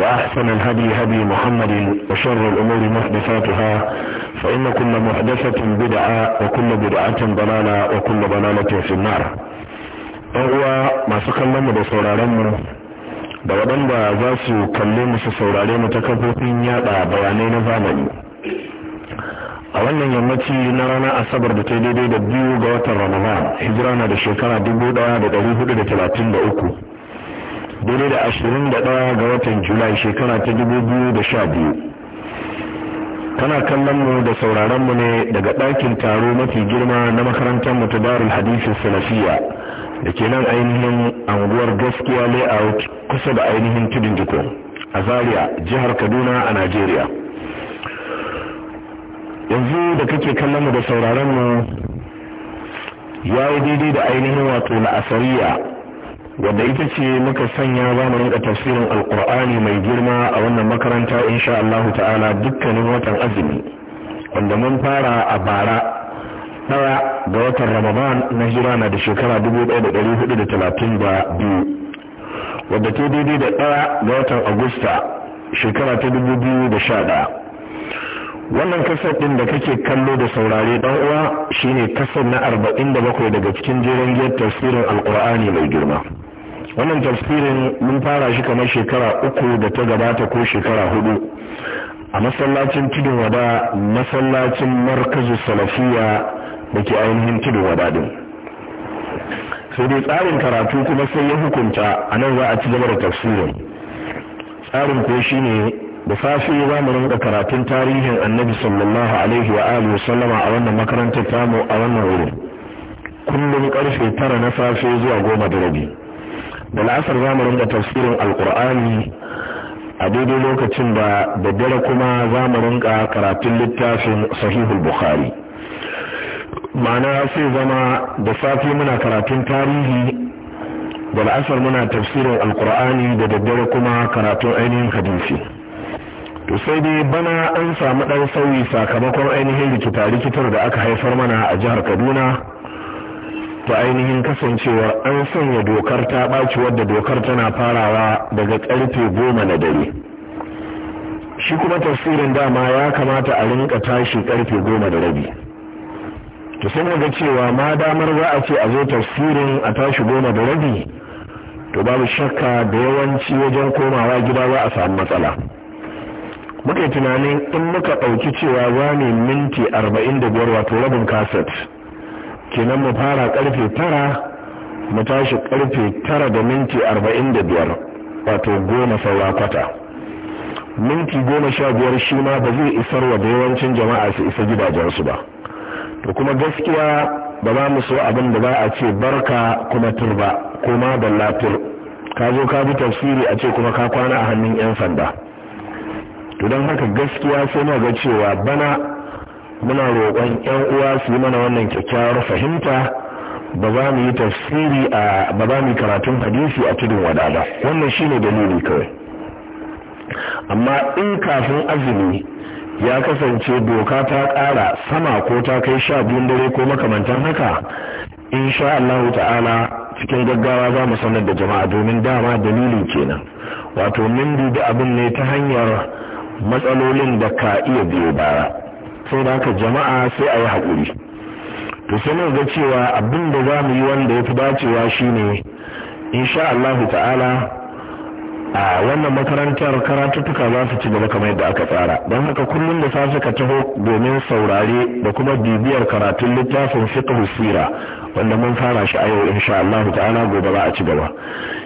وأحسن الهدي هدي محمد وشر الأمور محدثاتها فإن كل محدثة بدعة وكل بدعة ضلالة وكل ضلالة في النار أهوى ما سكن لما بصورة لما da waɗanda za su kalle musu saurare ta kafofin yada bayanai na zamani a wannan yammaci na ranar asabar da ta daidai da biyu ga watan ramadan hijira na da shekara 1433 daidai da ashirin da ɗaya ga watan julai shekara ta dubu biyu da sha biyu kana kallon mu da sauraron mu ne daga ɗakin taro mafi girma na makarantar mu ta darul hadisi salafiya da ke nan ainihin anguwar gaskiya layout kusa da ainihin tudun jiko a zaria jihar kaduna a najeriya yanzu da kake kallon mu da sauraron mu ya yi daidai da ainihin wato na asariya wadda ita ce muka sanya za mu tafsirin alkur'ani mai girma a wannan makaranta insha Allah ta'ala dukkanin watan azumi wanda mun fara a bara daya ga watan ramadan na hijira na da shekara 1432 wadda ta daidai da daya ga watan agusta shekara ta 2011 wannan kasar din da kake kallo da saurare dan uwa shine kasar na 47 daga cikin jerin tafsirin alkur'ani mai girma wannan tafsirin mun fara shi kamar shekara uku da ta gabata ko shekara hudu a masallacin tudun wada masallacin markazu salafiya da ke ainihin tudun wada din sai dai tsarin karatu kuma sai ya hukunta a nan za a ci gaba da tafsirin tsarin ko shi ne da safe za mu rinka karatun tarihin annabi sallallahu alaihi wa alihi sallama a wannan makarantar tamu a wannan wurin kullum karfe tara na safe zuwa goma da rabi da la'asar za mu ringa tafsirin alkur'ani a daidai lokacin da daddare kuma za mu karatun littafin sahihul bukhari ma'ana sai zama da safe muna karatun tarihi da la'asar muna tafsirin alkur'ani da daddare kuma karatun ainihin hadisi to sai dai bana an samu ɗan sauyi sakamakon ainihin rikita likitar da aka haifar mana a jihar kaduna to ainihin kasancewar an sanya dokar ta ɓaci wadda dokar tana farawa daga ƙarfe goma na dare shi kuma tafsirin dama ya kamata a rinka tashi ƙarfe goma da rabi to sun ga cewa ma damar za a ce a zo tafsirin a tashi goma da rabi to babu shakka da yawanci wajen komawa gida za a samu matsala muka yi tunanin in muka ɗauki cewa za ne minti arba'in da biyar wato rabin kaset kenan mu fara karfe tara mu tashi karfe tara da minti arba'in da biyar wato goma saura kwata minti goma sha biyar shi ma ba zai isar wa da yawancin jama'a su isa gidajensu ba to kuma gaskiya ba za mu so abin da za a ce barka kuma turba ko ma da ballatur ka zo ka bi tafsiri a ce kuma ka kwana a hannun yan sanda to don haka gaskiya sai na ga cewa bana muna roƙon ƴan uwa su yi mana wannan kyakkyawar fahimta ba za mu yi tafsiri a ba za mu yi karatun hadisi a tudun wada ba wannan shine dalili kawai amma in kafin azumi ya kasance doka ta ƙara sama ko ta kai sha biyun dare ko makamantan haka insha Allah ta'ala cikin gaggawa za mu sanar da jama'a domin dama dalili kenan wato mun da abin ne ta hanyar matsalolin da ka iya biyo baya sau da jama'a sai a yi haƙuri to sai mun ga cewa abin da za mu yi wanda ya fi dacewa shine insha Allah ta'ala a wannan makarantar karatuttuka za su ci gaba kamar yadda aka tsara don haka kullum da safe ka taho domin saurare da kuma bibiyar karatun littafin fiqh sira wanda mun fara shi a yau insha Allah ta'ala gobe za a ci gaba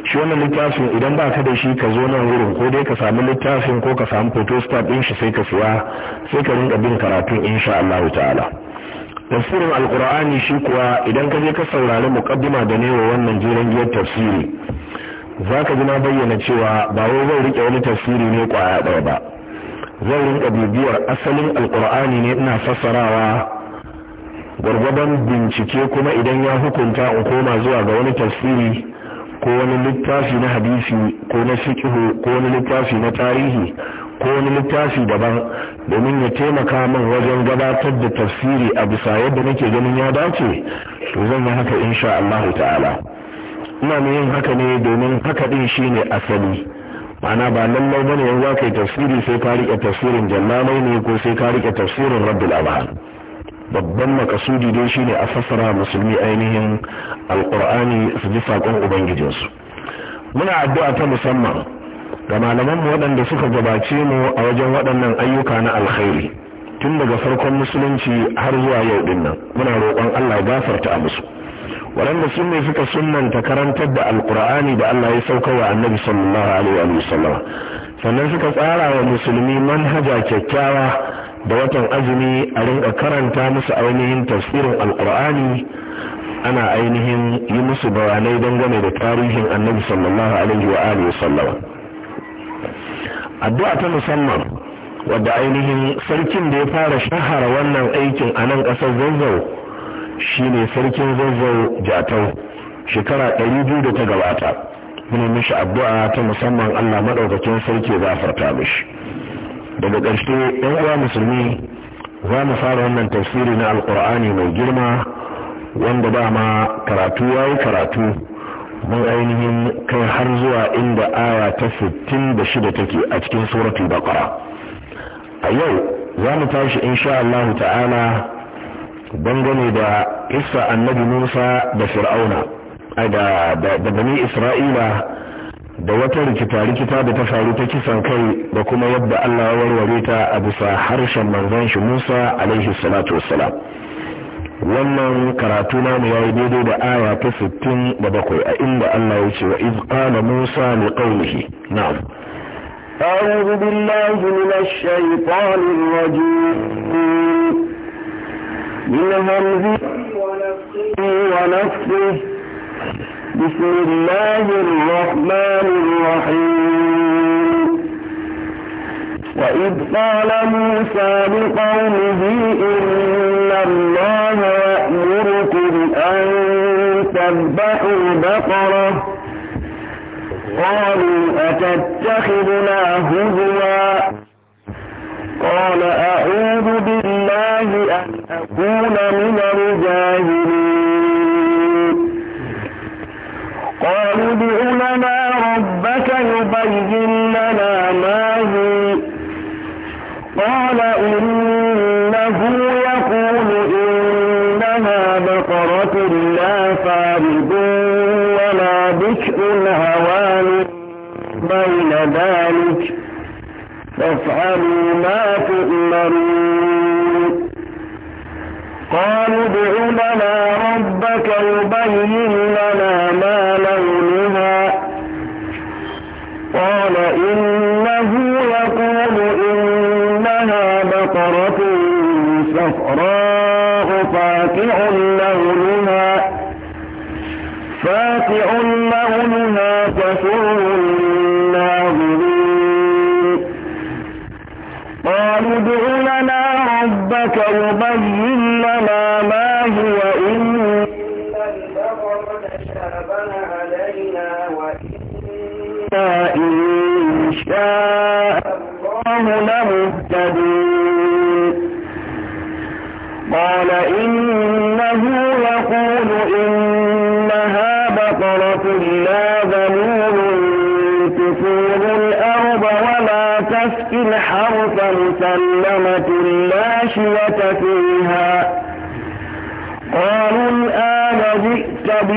shi wannan littafin idan ba ka da shi ka zo nan wurin ko dai ka samu littafin ko ka samu photostat din shi sai ka siya sai ka rinka bin karatun insha Allah ta'ala tafsirin alqur'ani shi kuwa idan ka je ka saurari muqaddima da ne wa wannan jiran giyar tafsiri za ka ji na bayyana cewa ba wai zai rike wani tasiri ne kwaya ɗaya ba zan rinka bibiyar asalin alkur'ani ne ina fassarawa gwargwadon bincike kuma idan ya hukunta in koma zuwa ga wani tafsiri ko wani littafi na hadisi ko na fikihu ko wani littafi na tarihi ko wani littafi daban domin ya taimaka min wajen gabatar da tafsiri a bisa yadda nake ganin ya dace to zan yi haka insha Allah ta'ala ina yin haka ne domin haka din shine asali ma'ana ba lallai bane ne za ka yi tafsiri sai ka rike tafsirin jallamai ne ko sai ka rike tafsirin rabbul abhar babban makasudi dai shine a fassara musulmi ainihin alqur'ani su ji sakon ubangijinsu muna addu'a ta musamman ga malaman mu waɗanda suka gabace mu a wajen waɗannan ayyuka na alkhairi tun daga farkon musulunci har zuwa yau dinnan muna roƙon Allah gafarta a musu waɗanda sun ne suka sunanta karantar da alkur'ani da Allah ya sauka wa annabi sallallahu alaihi wa sallam sannan suka tsara wa musulmi manhaja kyakkyawa da watan azumi a rinka karanta musu ainihin tafsirin alkur'ani ana ainihin yi musu bayanai dangane da tarihin annabi sallallahu alaihi wa alihi sallama addu'a ta musamman wadda ainihin sarkin da ya fara shahara wannan aikin a nan ƙasar zanzau Shi ne sarkin zazzau jatau shekara ɗari biyu da ta gabata muna mishi addu'a ta musamman Allah maɗaukakin sarki gafarta mishi daga ƙarshe ɗan uwa musulmi za mu fara wannan tafsiri na alƙur'ani mai girma wanda ba ma karatu ya yi karatu mun ainihin kai har zuwa inda aya ta sittin da shida take a cikin suratul baqara a yau za mu tashi insha allahu ta'ala dangane da isa annabi musa da fir'auna da bani isra'ila da wata rikita-rikita da ta faru ta kisan kai da kuma yadda allah warware ta a bisa harshen manzon shi musa alaihi salatu wassalam wannan karatu namu ya yi daidai da aya ta sittin da bakwai a inda allah ya ce wa iz qala musa li qaumihi na'am أعوذ بالله من الشيطان الرجيم من همزه ونفسه ونفسه بسم الله الرحمن الرحيم وإذ قال موسى لقومه إن الله يأمركم أن تذبحوا بقرة قالوا أتتخذنا هزوا قال أعوذ بالله أن أكون من الجاهلين قالوا ادع لنا ربك يبين لنا ما هي قال إنه ويبين لنا ما هو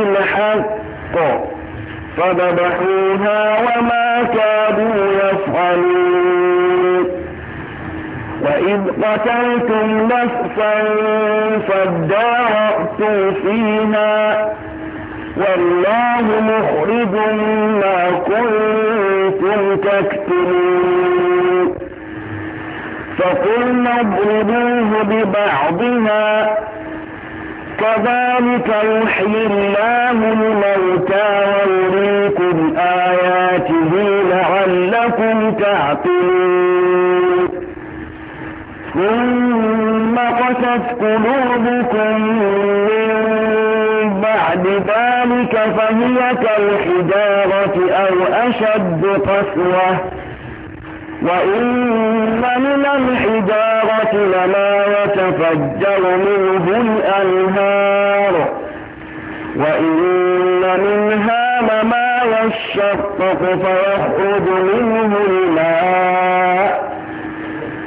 الحق فذبحوها وما كادوا يفعلون وإذ قتلتم نفسا فادارأتوا فيها والله مخرج ما كنتم تكتمون فقلنا اضربوه ببعضها كذلك يحيي الله الموتى ويريكم آياته لعلكم تعقلون ثم قست قلوبكم من بعد ذلك فهي كالحجارة أو أشد قسوة وإن من الحجارة الثمرات ما يتفجر منه الأنهار وإن منها لما يشقق فيخرج منه الماء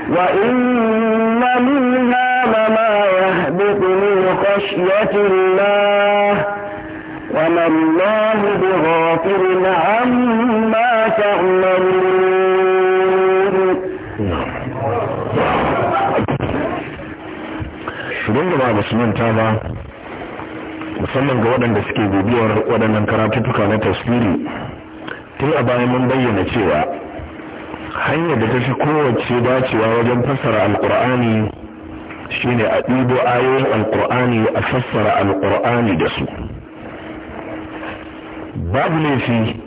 وإن منها لما يهبط من خشية الله وما الله بغافل عما تعملون idan da ba su manta ba musamman ga waɗanda suke bibiyar waɗannan karatuttuka na tasiri tun a baya mun bayyana cewa hanyar da ta fi kowace dacewa wajen fassara alkur'ani shine a ɗibo ayoyin alkur'ani a fassara alkur'ani da su babu laifi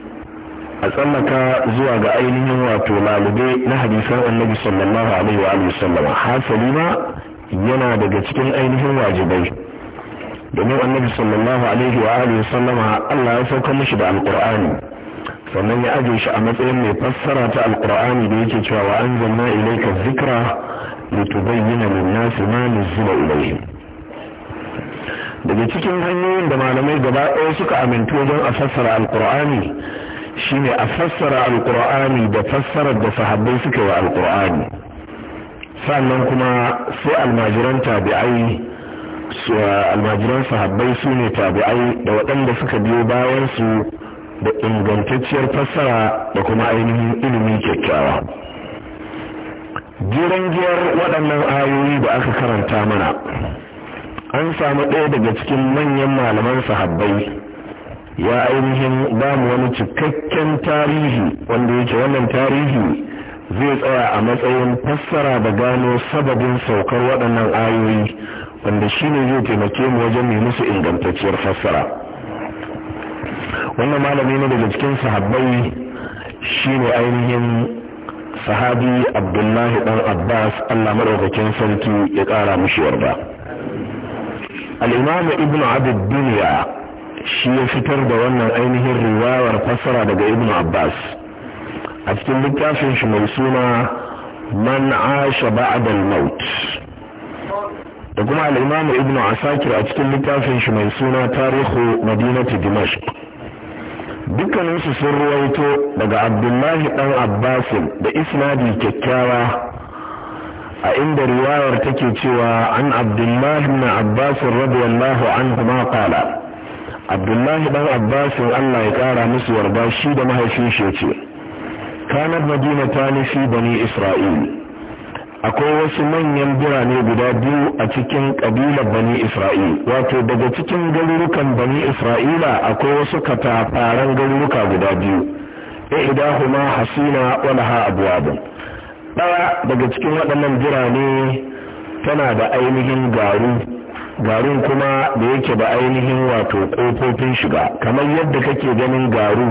a tsallaka zuwa ga ainihin wato lalube na hadisan annabi sallallahu alaihi wa sallama hasali ma yana daga cikin ainihin wajibai domin annabi sallallahu alaihi wa alihi sallama Allah ya sauka mishi da alqur'ani sannan ya aje shi a matsayin mai fassara ta alqur'ani da yake cewa wa anzalna ilayka dhikra litubayyana lin-nasi ma nuzila ilayhim daga cikin hanyoyin da malamai gaba ɗaya suka amintu wajen a fassara alqur'ani shine a fassara alqur'ani da fassarar da sahabbai suka yi alqur'ani sannan kuma su almajiran tabi'ai almajiran sahabbai su ne tabi'ai da waɗanda suka biyo bayan su da ingantacciyar fassara da kuma ainihin ilimi kyakkyawa girangiyar giyar waɗannan ayoyi da aka karanta mana an samu ɗaya daga cikin manyan malaman sahabbai ya ainihin ba mu wani cikakken tarihi wanda yake wannan tarihi zai tsaya a matsayin fassara da gano sababin saukar waɗannan ayoyi wanda shi ne zai taimake mu wajen mai musu ingantacciyar fassara wannan malami ne daga cikin sahabbai shi ne ainihin sahabi abdullahi ɗan abbas allah maɗaukakin sarki ya ƙara mushi yarda al'imamu ibn abid duniya shi ya fitar da wannan ainihin riwayar fassara daga ibn abbas a cikin littafin shi mai suna man asha ba'da al-maut da kuma al-imam ibnu asakir a cikin littafin shi mai suna tarihu madinati dimashq dukkanin su sun ruwaito daga abdullahi dan abbasin da isnadi kyakkyawa a inda riwayar take cewa an abdullahi ibn abbas radiyallahu anhu ma qala abdullahi dan abbas Allah ya kara musu yarda shi da mahaifin shi yace kanar madina ta nufi bani isra'il akwai wasu manyan birane guda biyu a cikin ƙabilar bani isra'il wato daga cikin garurukan bani isra'ila akwai wasu katafaren garuruka guda biyu huma hasina wani ha abwabun ɗaya daga cikin waɗannan birane tana da ainihin garu garin kuma da yake ba ainihin wato kofofin shiga. kamar yadda kake ganin garu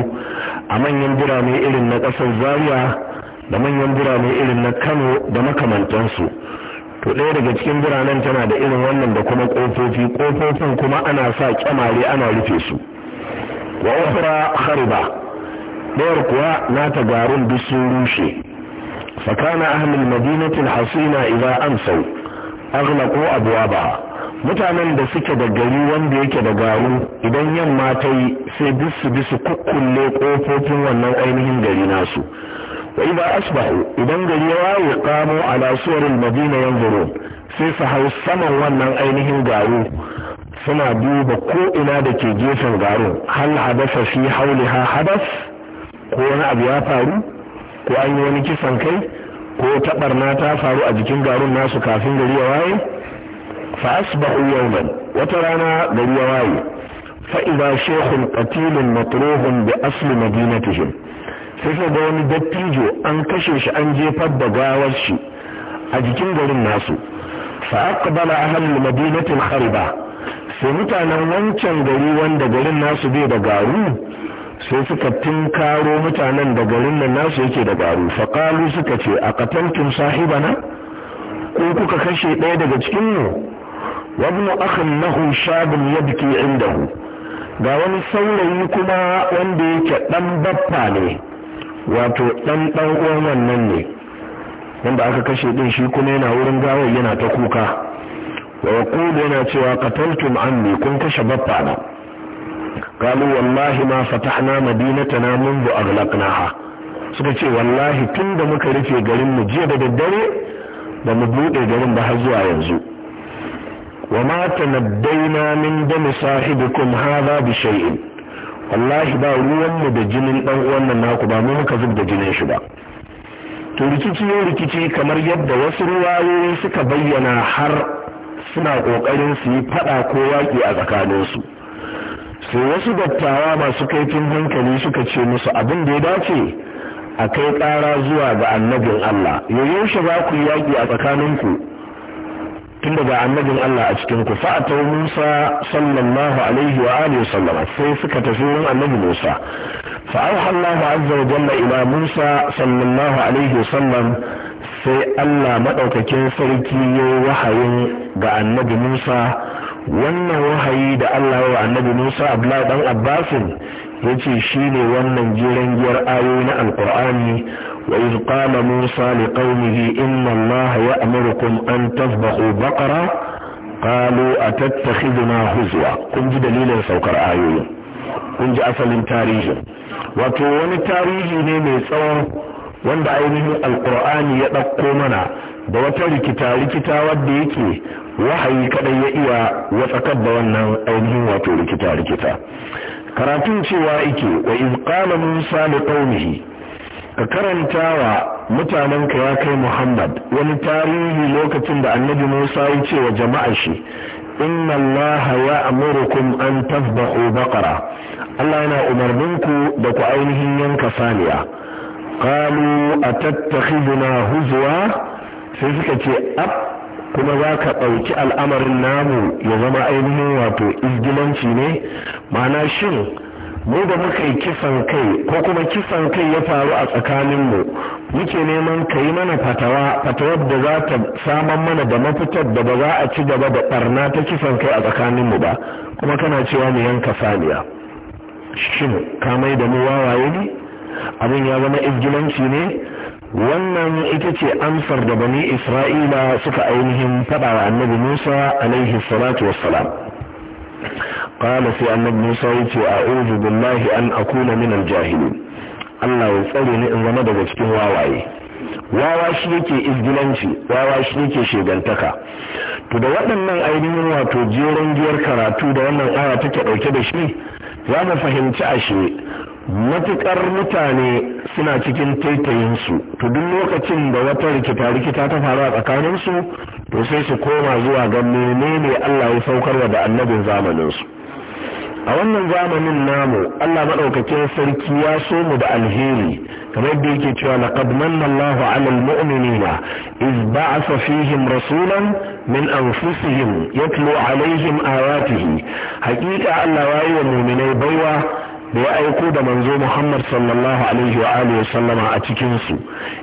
a manyan birane irin na ƙasar zaria da manyan birane irin na kano da makamantansu to ɗaya daga cikin biranen tana da irin wannan da kuma kofofi kofofin kuma ana sa kyamare ana rufe su wa ukhra ba. ɗayar kuwa nata garin duk sun rushe tsakanin ahlul madinatin hasina idza amsau abuwa ba? mutanen da suke da gari wanda yake da garu idan yamma ta yi sai bisu bisu kukkulle kofofin wannan ainihin gari nasu wai ba asbahu idan gari ya waye kamo ala suwarin madina yanzuru sai su hau saman wannan ainihin garu suna duba ko ina da ke gefen garin hal hadasa fi hauliha hadas ko wani abu ya faru ko an yi wani kisan kai ko taɓarna ta faru a jikin garin nasu kafin gari ya waye fa asbahu yawman wata rana gari ya waye fa idza shaykhun qatilun matruhun bi sai ga wani dattijo an kashe shi an jefar da gawar shi a jikin garin nasu fa aqbala ahlul madinatil khariba sai mutanen wancan gari wanda garin nasu bai da garu sai suka tinkaro mutanen da garin nan nasu yake da garu faƙalu suka ce a katantum sahibana ko kuka kashe ɗaya daga cikin mu wa akan akhin lahu shabun yabki indahu ga wani saurayi kuma wanda yake dan baffa ne wato dan dan uwan wannan ne wanda aka kashe din shi kuma yana wurin gawar yana ta kuka wa yaqulu yana cewa qataltum anni kun kashe baffa na قالوا wallahi ma fatahna madinatana منذ aghlaqnaha suka ce wallahi tun da muka rufe garin mu jiya da daddare ba mu buɗe garin ba har zuwa yanzu وما تنبينا من دم صاحبكم هذا بشيء wallahi ba ruwanmu da jinin ɗan uwan naku ba mu muka zub da jinin shi ba to rikici rikici kamar yadda wasu ruwayoyi suka bayyana har suna ƙoƙarin su yi faɗa ko yaƙi a tsakaninsu sai wasu dattawa masu kaifin hankali suka ce musu abin da ya dace a kai ƙara zuwa ga annabin Allah yaushe za ku yaƙi a tsakaninku Tunda ga annabin Allah a cikin ku fa'atau Musa sallallahu alaihi wa alihi wa sai suka tafi wurin annabi Musa fa auha Allah azza wa jalla ila Musa sallallahu alaihi wa sallam sai Allah madaukakin sarki ya wahayin ga annabi Musa wannan wahayi da Allah ya wa annabi Musa Abdullahi dan Abbasin yace shine wannan jiran giyar ayoyi na alqur'ani wa iz qala musa liqaumihi inna allaha ya'murukum an tadhbahu baqara qalu atattakhiduna huzwa kun ji dalilin saukar ayoyi kun ji asalin tarihi wato wani tarihi ne mai tsawon wanda ainihin alkur'ani ya ɗauko mana da wata rikita rikita wadda yake wahayi kadai ya iya watsakar da wannan ainihin wato rikita rikita karatun cewa ike wa iz musa li qaumihi ka karanta wa mutanenka ya kai muhammad wani tarihi lokacin da annabi musa ya ce wa jama'a shi inna allaha ya amurukum an tazbahu baqara allah yana umarninku da ku ainihin yanka saniya qalu atattakhiduna huzwa sai suka ce ab kuma za ka ɗauki al'amarin namu ya zama ainihin wato izgilanci ne ma'ana shin mu da muka yi kisan kai ko kuma kisan kai ya faru a tsakaninmu muke neman ka yi mana fatawa fatawar da za ta saman mana da mafitar da ba za a ci gaba da ɓarna ta kisan kai a tsakaninmu ba kuma kana cewa mu yanka saniya shin ka mai da mu wawaye ne abin ya zama izgilanci ne wannan ita ce amsar da bani isra'ila suka ainihin faɗa wa annabi musa alaihi salatu wassalam qala sai annabi musa wuce a'udhu billahi an akuna minan al-jahilin Allah ya tsare ni in zama daga cikin wawaye wawa shi yake izgilanci wawa shi yake shegantaka to da waɗannan ainihin wato jeren giyar karatu da wannan aya take ɗauke da shi za mu fahimci ashe matukar mutane suna cikin taitayinsu to duk lokacin da wata rikita-rikita ta faru a tsakaninsu to sai su koma zuwa ga menene Allah ya wa da annabin zamaninsu a wannan zamanin namu Allah maɗaukakin sarki ya so mu da alheri kamar da yake cewa laqad manna Allahu 'alal mu'minina iz ba'atha fihim rasulan min anfusihim yatlu 'alayhim ayatihi haqiqa Allah ya wa mu'minai baiwa da ya aiko da manzo Muhammad sallallahu alaihi wa alihi sallama a cikin su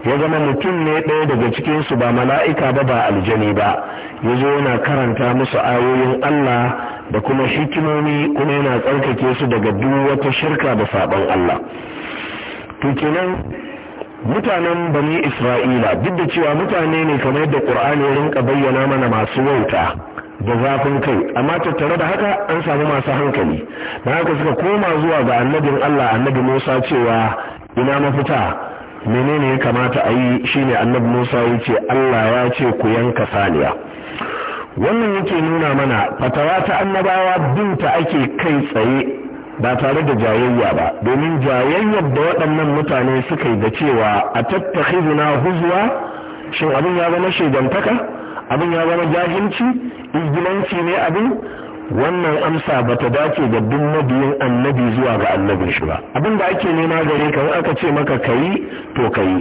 ya zama mutum ne ɗaya daga cikin su ba mala'ika ba ba aljani ba ya zo yana karanta musu ayoyin Allah da kuma hikimomi kuma yana tsarkake su daga duk wata shirka da sabon Allah to kenan mutanen bani Isra'ila duk da cewa mutane ne kamar yadda Qur'ani ya rinka bayyana mana masu wauta da zafin kai amma tattare da haka an samu masu hankali da haka suka koma zuwa ga annabin Allah annabi Musa cewa ina mafita menene ya kamata a yi shine annabi Musa ya ce Allah ya ce ku yanka saniya wannan yake nuna mana fatawa ta annabawa binta ake kai tsaye ba tare da jayayya ba domin jayayyar da waɗannan mutane suka yi da cewa a tattakhizuna huzwa shin abin ya zama shaidantaka abin ya zama jahilci igilanci ne abin wannan amsa ba ta dace ga duk mabiyin annabi zuwa ga annabin shi ba abin da ake nema gare ka aka ce maka kayi to kayi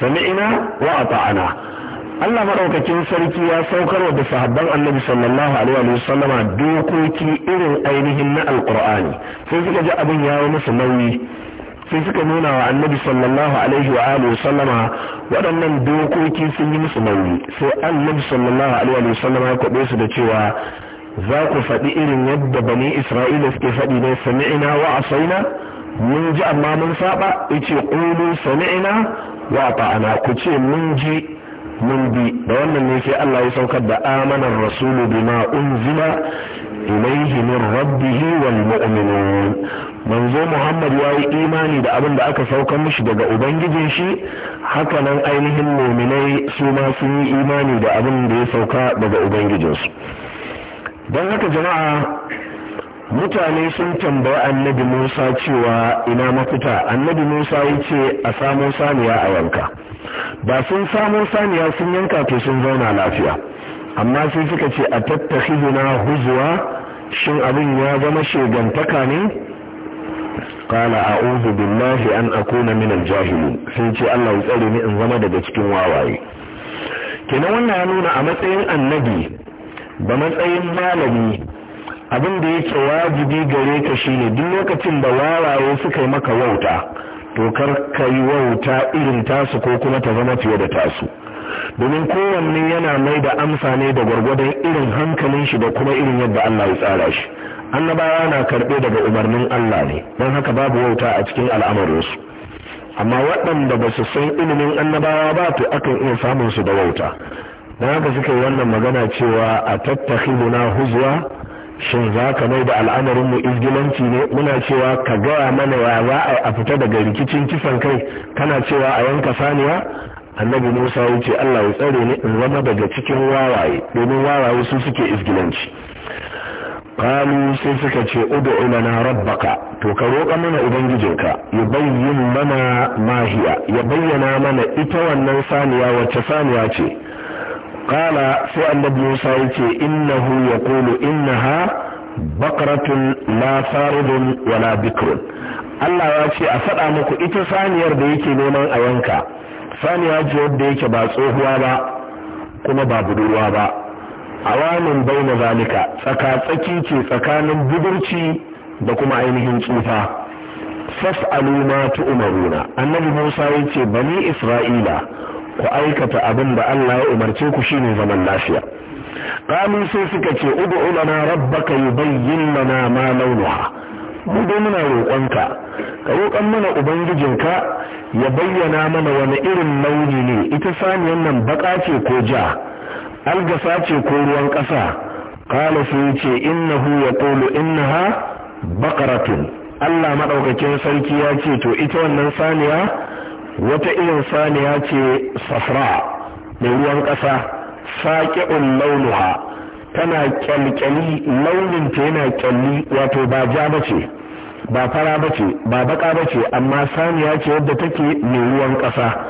sami'ina wa ata'ana Allah maɗaukakin sarki ya saukar da sahabban annabi sallallahu alaihi wa sallama dokoki irin ainihin na alqur'ani sai suka ji abin ya yi musu nauyi sai suka nuna wa annabi sallallahu alaihi wa alihi sallama waɗannan dokoki sun yi musu nauyi sai annabi sallallahu alaihi wa sallama ya kwaɓe su da cewa za ku faɗi irin yadda bani isra'ila suke faɗi ne sami'ina wa asaina mun ji amma mun saba ice qulu sami'ina wa ta'ana ku ce mun ji mun bi da wannan ne sai Allah ya saukar da amanar rasulu bima unzila ilaihi min rabbi wal mu'minun manzo Muhammad ya yi imani da abin da aka saukar mishi daga ubangijin shi haka nan ainihin mu'minai su ma sun yi imani da abin da ya sauka daga ubangijinsu don haka jama'a mutane sun tambayi annabi musa cewa ina mafita annabi musa ya ce a samo saniya a yanka ba sun samo saniya sun yanka to sun zauna lafiya amma sai suka ce a tattahizuna huzuwa shin abin ya zama shegantaka ne kala a'udhu billahi an akuna min al sun ce Allah ya tsare ni in zama daga cikin wawaye kenan wannan ya nuna a matsayin annabi ba matsayin malami abin da yake wajibi gare ka shine duk lokacin da wawaye suka yi maka wauta to kar ka yi wauta irin tasu ko kuma ta zama fiye da tasu domin kowanne yana mai da amsa ne da gwargwadon irin hankalin shi da kuma irin yadda Allah ya tsara shi annabawa na karɓe daga umarnin Allah ne don haka babu wauta a cikin al'amarinsu amma waɗanda ba su san ilimin annabawa ba to akan iya samun su da wauta don haka suka yi wannan magana cewa a tattakhiduna huzwa shin za ka mai da al'amarin mu izgilanci ne muna cewa ka gaya mana ya za a fita daga rikicin kisan kai kana cewa a yanka saniya annabi musa ya ce allah ya tsare ni in zama daga cikin wawaye domin wawaye su suke izgilanci kalu sai suka ce ud'u lana rabbaka to ka roƙa mana ubangijinka ya bayyana mana mahiya ya bayyana mana ita wannan saniya wacce saniya ce kala sai annabi musa ya ce innahu yaqulu innaha bakaratun la faridun wala bikrun Allah ya ce a faɗa muku ita saniyar da yake neman a yanka saniya ce wadda yake ba tsohuwa ba kuma ba budurwa ba A bai na zalika tsaka tsaki ce tsakanin budurci da kuma ainihin tsufa fas'alu ma umaruna annabi Musa ya yace bani Isra'ila ku aikata abin da Allah ya umarce ku shine zaman lafiya qalu sai suka ce ud'u lana rabbaka yubayyin mana ma launuha mu dai muna roƙonka ka roƙon mana ubangijinka ya bayyana mana wani irin launi ne ita saniyan nan baka ce ko ja algasa ce ko ruwan ƙasa kala yi ce innahu yaqulu innaha baƙaratun Allah maɗaukakin sarki ya ce to ita wannan saniya wata irin saniya ce safra mai ruwan ƙasa saqi'un launuha tana ƙyalƙyali launin ta yana ƙyalli wato ba ja ba ce ba fara bace ba baka bace amma saniya ce yadda take mai ruwan ƙasa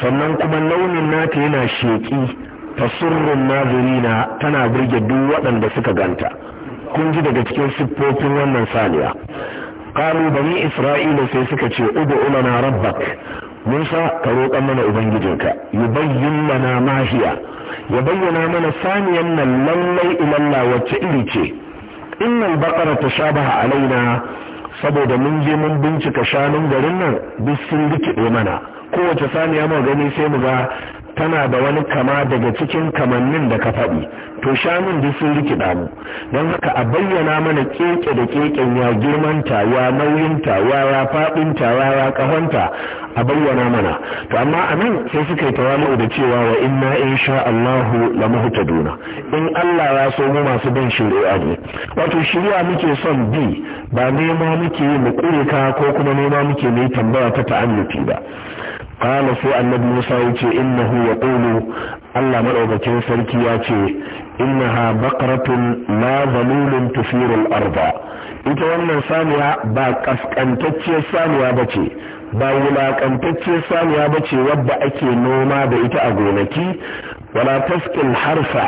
sannan kuma launin nata yana sheƙi tasurrun nazirina tana birge duk waɗanda suka ganta kun ji daga cikin siffofin wannan saniya qalu bani isra'ila sai suka ce ubu ulana rabbak Musa ka roƙa mana ubangijinka yubayyin mana mahiya ya bayyana mana saniyan nan lallai ilalla wacce iri ce innal baqara tashabaha alaina saboda mun je mun bincika shanun garin nan duk sun rikide mana kowace saniya mu gani sai mu ga tana da wani kama daga cikin kamannin da ka faɗi to shanun duk sun rikida mu don haka a bayyana mana keke da keken ya girmanta ya nauyinta ya ya faɗinta ya ya ƙahonta a bayyana mana to amma a nan sai suka yi tawalu da cewa wa inna sha Allahu la muhtaduna in Allah ya so mu masu bin shari'a ne wato shari'a muke son bi ba nema muke mu kure ka ko kuma nema muke mu tambaya ta ta'annuti ba قال سي النبي موسى يتي إنه ya الله مدعوكين سركي ياتي إنها بقرة لا ظلول تثير الأرض ita wannan saniya ba kaskantacciyar saniya ba ce ba wulaƙantacciyar saniya ba ce wadda ake noma da ita a gonaki wala taskin harfa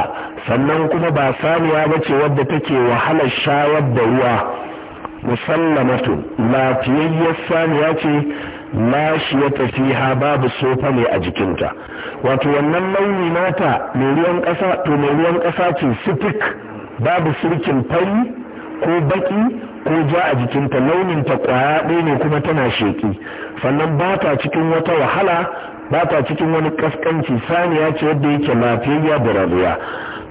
sannan kuma ba saniya ba ce wadda take wahalar shayar da ruwa musallamatu lafiyayyar saniya ce ya tafiha babu sofa ne a jikinta wato wannan launi nata mai ruwan ƙasa to mai ruwan ƙasa ce sitik babu sirkin fari ko baki ko ja a jikinta launin ta kwaya ɗaya ne kuma tana sheƙi sannan ba ta cikin wata wahala ba ta cikin wani kaskanci saniya ce yadda yake lafiyayya da rariya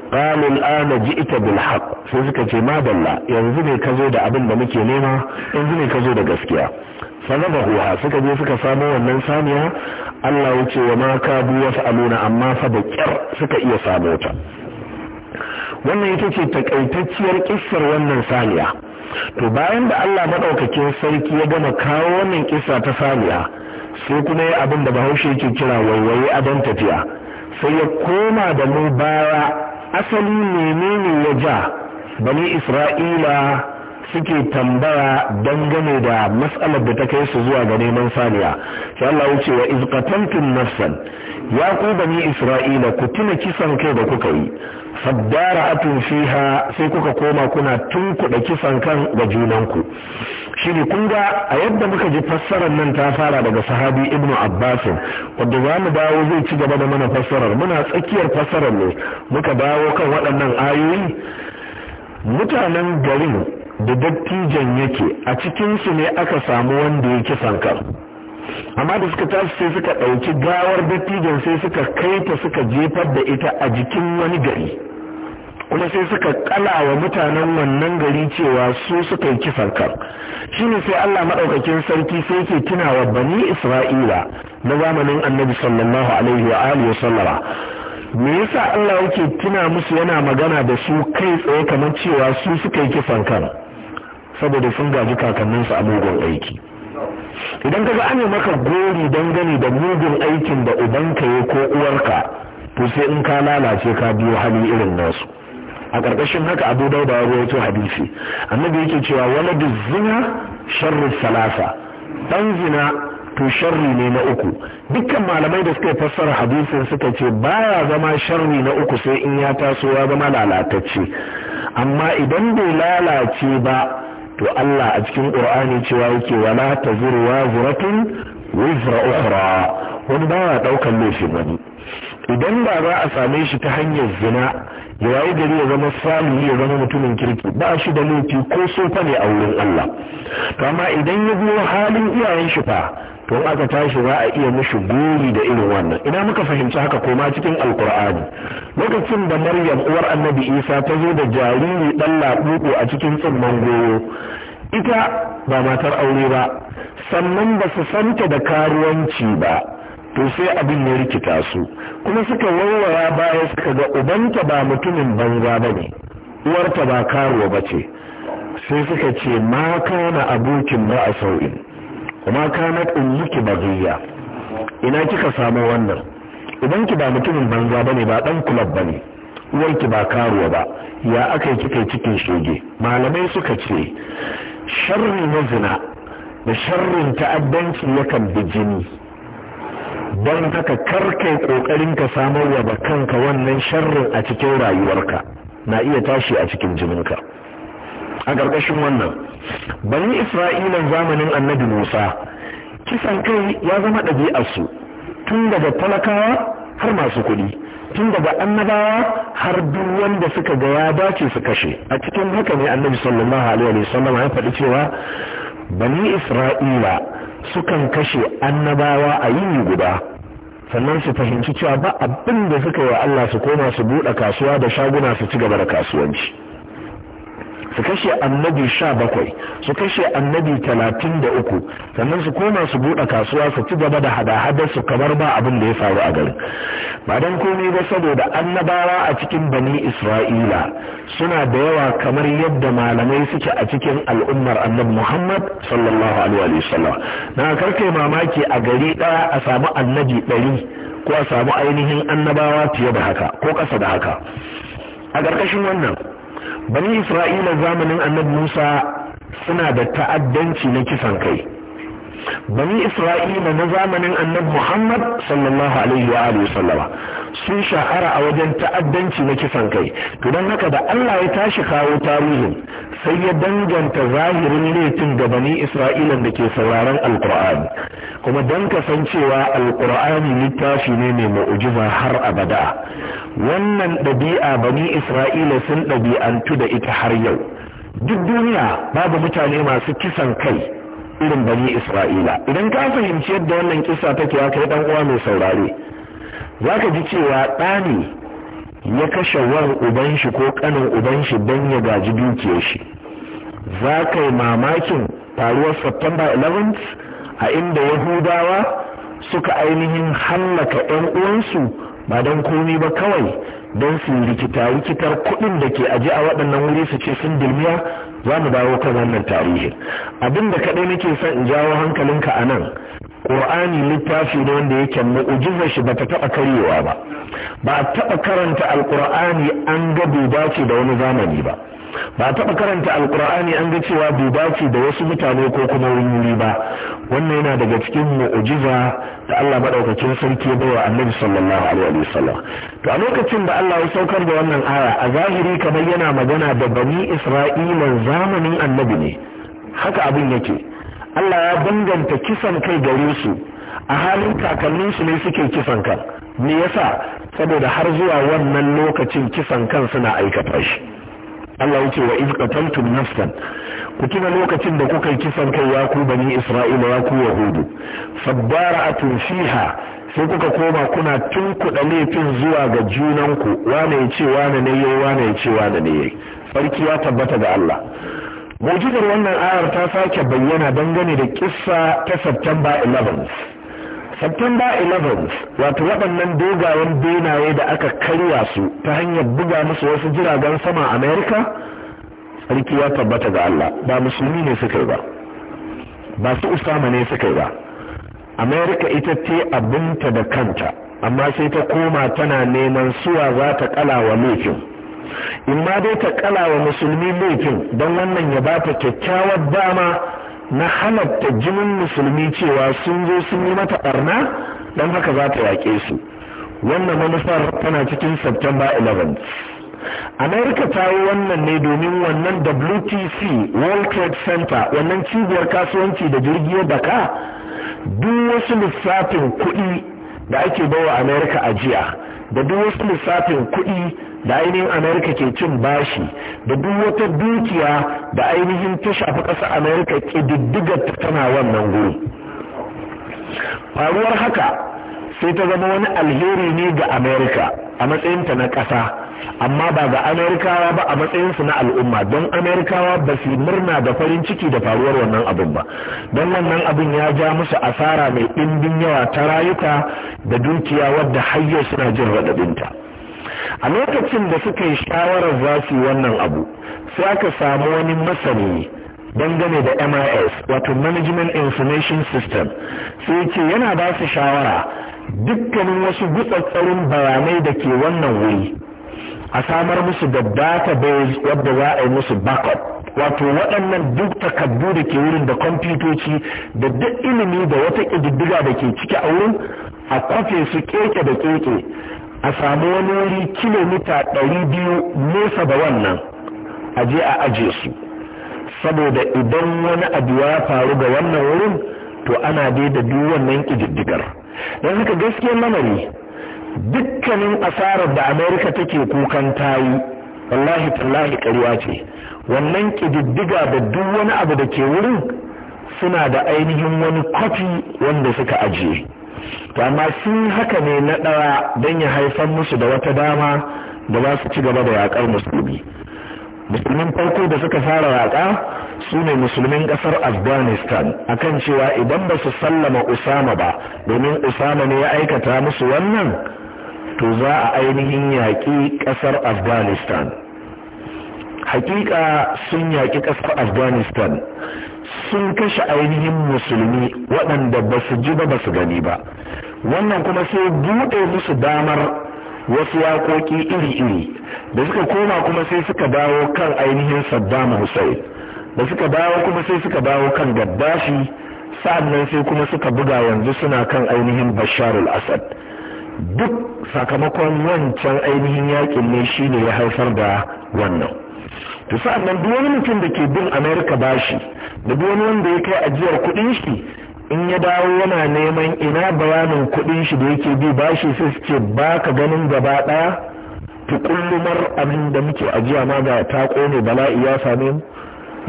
قالوا الآن جئت بالحق sai suka ce madalla yanzu ne ka zo da abin da muke nema yanzu ne ka zo da gaskiya fadabahuha suka je suka samo wannan saniya Allah ya ce wa ma ka wasu yaf'aluna amma fa da kyar suka iya samo ta wannan ita ce takaitacciyar kissar wannan saniya to bayan da Allah madaukakin sarki ya gama kawo wannan kissa ta saniya sai kuma ya abin da bahaushe yake kira waiwaye adon tafiya sai ya koma da mu baya asali menene ya ja bani isra'ila suke tambaya dangane da matsalar da ta kai su zuwa ga neman saniya sai Allah ya ce wa iz nafsan ya ku bani isra'ila ku tuna kisan kai da kuka yi faddara'atun fiha sai kuka koma kuna tunkuɗa kisan kan ga junanku shine kun ga a yadda muka ji fassarar nan ta fara daga sahabi ibnu abbas wanda za mu dawo zai ci gaba da mana fassarar muna tsakiyar fassarar ne muka dawo kan waɗannan ayoyi mutanen garin da dattijan yake a cikinsu ne aka samu wanda ya kisan kan amma da suka tashi sai suka ɗauki gawar dattijan sai suka kai ta suka jefar da ita a jikin wani gari kuma sai suka kala wa mutanen wannan gari cewa su suka yi kisan kan ne sai Allah maɗaukakin sarki sai ke tunawa bani Isra'ila na zamanin Annabi sallallahu alaihi wa alihi sallama me yasa Allah yake tuna musu yana magana da su kai tsaye kamar cewa su suka yi kisan kan saboda sun gaji kakanninsu a mugun aiki idan ka ga maka gori dangane da mugun aikin da ubanka ya ko uwarka to sai in ka lalace ka biyo hali irin nasu a ƙarƙashin haka abu dauda ya rawaito hadisi annabi yake cewa waladu zina sharri salasa dan zina to sharri ne na uku dukkan malamai da suka fassara hadisin suka ce baya zama sharri na uku sai in ya taso ya zama lalatacce amma idan bai lalace ba to Allah a cikin ƙur'ani cewa yake wala zurwa waziratun wizra ukhra wani bawa ɗaukan laifin wani idan ba za a same shi ta hanyar zina ya wayi gari ya zama salihu ya zama mutumin kirki ba shi da laifi ko sofa ne a wurin Allah to amma idan ya biyo halin iyayen shi fa to aka tashi za a iya mishi guri da irin wannan ina muka fahimci haka koma cikin alkur'ani lokacin da maryam uwar annabi isa ta zo da jariri dan a cikin tsumman goyo ita ba matar aure ba sannan ba su santa da karuwanci ba to sai abin ya rikita su kuma suka warware baya suka ga ubanta ba mutumin banza ba ne uwarta ba karuwa ba ce sai suka ce ma kana abokin ba a sau'in kuma kanat ummuki bariya. ina kika samu wannan idan ki ba mutumin banza bane ba dan kulab bane ki ba karuwa ba ya aka yi kika cikin shoge malamai suka ce sharri na zina da sharrin ta'addanci yakan bi jini don haka karkai kokarin ka wa wa kanka wannan sharrin a cikin rayuwarka na iya tashi a cikin jininka a ƙarƙashin wannan bani isra'ilan zamanin annabi musa kisan kai ya zama ɗabi'arsu tun daga talakawa har masu kuɗi tun daga annabawa har duk wanda suka ga ya dace su kashe a cikin haka ne annabi sallallahu alaihi wa sallam ya faɗi cewa bani isra'ila sukan kashe annabawa a yini guda sannan su fahimci cewa ba abin da suka yi wa Allah su koma su buɗe kasuwa da shaguna su ci gaba da kasuwanci su kashe annabi sha bakwai su kashe annabi talatin da uku sannan su koma su buɗe kasuwa su ci gaba da hada-hada su kamar ba abin da ya faru a garin ba don komai ba saboda annabawa a cikin bani isra'ila suna da yawa kamar yadda malamai suke a cikin al'ummar annabi muhammad sallallahu alaihi wa sallam na karkai mamaki a gari ɗaya a samu annabi ɗari ko a samu ainihin annabawa fiye da haka ko ƙasa da haka a ƙarƙashin wannan bani isra'ila zamanin annabi musa suna da ta'addanci na kisan kai bani isra'ila na zamanin annabi muhammad sallallahu alaihi wa sallama sun shahara a wajen ta'addanci na kisan kai to don haka da allah ya tashi kawo tarihin sai ya danganta zahirin laifin ga bani isra'ila da ke sauraron alkur'ani kuma don kasancewa alkur'ani littafi ne mai mu'ujiza har abada wannan ɗabi'a bani isra'ila sun ɗabi'antu da ita har yau duk duniya babu mutane masu kisan kai irin bani isra'ila idan ka fahimci yadda wannan kisa take ya kai dan uwa mai saurare za ka ji cewa ɗa ya kashe war uban shi ko kanin uban shi don ya gaji dukiyar shi za ka yi mamakin faruwar september 11 a inda yahudawa suka ainihin hallaka 'yan uwansu ba don komi ba kawai don su rikita rikitar kudin da ke aji a waɗannan wuri su ce sun dilmiya za mu dawo kan wannan tarihin abin da kaɗai nake son in jawo hankalinka a nan ƙur'ani littafi ne wanda yake mu'ujiza shi ba ta taɓa karyewa ba ba a taɓa karanta alƙur'ani an ga bai dace da wani zamani ba ba taɓa karanta alkur'ani an ga cewa duba ce da wasu mutane ko kuma wuri ba wannan yana daga cikin mu'ujiza da Allah madaukakin sarki ya baiwa annabi sallallahu alaihi wasallam to a lokacin da Allah ya saukar da wannan aya a zahiri kamar yana magana da bani Isra'ila zamanin annabi ne haka abin yake Allah ya danganta kisan kai gare su a halin kakannin su ne suke kisan kan me yasa saboda har zuwa wannan lokacin kisan kan suna aikata shi Allah yake wa iz qataltum nafsan ku tuna lokacin da kuka yi kisan kai ya ku bani Isra'ila ya ku Yahudu a fiha sai kuka koma kuna tunkuɗa laifin zuwa ga junanku wane ya ce wane ne yayi wane ya ce wane ne yayi sarki ya tabbata ga Allah mujizar wannan ayar ta sake bayyana dangane da kissa ta September 11 September 11 wato waɗannan dogayen benaye da aka karya su ta hanyar buga musu wasu jiragen sama Amerika sarki ya tabbata ga Allah ba musulmi ne suka yi ba ba su Usama ne suka yi ba Amerika ita ce abinta da kanta amma sai ta koma tana neman suwa za ta kala wa laifin in ma dai ta kala wa musulmi laifin don wannan ya ba ta kyakkyawar dama na halatta jinin musulmi cewa sun zo sun yi mata barna don haka za ta yaƙe su wannan manufar tana cikin september 11 amerika ta yi wannan ne domin wannan wtc world trade center wannan cibiyar kasuwanci da jirgiyar daka duk wasu lissafin kuɗi da ake bawa amerika jiya. da duk wasu lissafin kuɗi da ainihin amerika ke cin bashi da duk wata dukiya da ainihin ta shafi ƙasa amerika ƙididdigar ta tana wannan guri faruwar haka sai ta zama wani alheri ne ga amerika a matsayinta na ƙasa amma ba ga amerikawa ba a matsayinsu na al'umma don amerikawa ba su murna da farin ciki da faruwar wannan abin ba don wannan abin ya ja musu asara mai ɗimbin yawa ta rayuka da dukiya wadda hayyar suna jin raɗaɗinta a lokacin da suka yi shawarar za su yi wannan abu sai aka samu wani masani dangane da MIS wato Management Information System sai ce yana ba su shawara dukkanin wasu gutsatsarin bayanai da ke wannan wuri a samar musu da database wadda za a yi musu backup wato waɗannan duk takardu da ke wurin da kwamfutoci da duk ilimi da wata ƙididdiga da ke ciki a wurin a kwafe su keke da keke a samu wani wuri kilomita ɗari biyu nesa da wannan a je a aje su saboda idan wani abu ya faru ga wannan wurin to ana dai da duk wannan ƙididdigar don haka gaskiyar lamari dukkanin asarar da amerika take kukan tayi wallahi tallahi karuwa ce wannan ƙididdiga da duk wani abu da ke wurin suna da ainihin wani kwafi wanda suka ajiye to amma sun haka ne na ɗaya don ya haifar musu da wata dama da za su ci gaba da yaƙar musulmi musulmin farko da suka fara yaƙa su ne musulmin kasar afghanistan akan cewa idan ba su sallama usama ba domin usama ne ya aikata musu wannan to za a ainihin yaƙi kasar afghanistan hakika sun yaƙi kasar afghanistan sun kashe ainihin musulmi waɗanda ba su ji ba ba su gani ba wannan kuma sai buɗe musu damar wasu yaƙoƙi iri-iri da suka koma kuma sai suka dawo kan ainihin saddam hussein da suka dawo kuma sai suka dawo kan gaddafi sa'annan sai kuma suka buga yanzu suna kan ainihin bashar al asad duk sakamakon wancan ainihin yakin ne shine ya haifar da wannan to sa'annan duk wani mutum da ke bin america bashi da duk wani wanda ya kai ajiyar kuɗin shi in ya dawo yana neman ina bayanin kuɗin shi da yake bi bashi sai suke baka ganin gaba daya tukullumar abin da muke ajiya ma ga ta kone bala'i ya same mu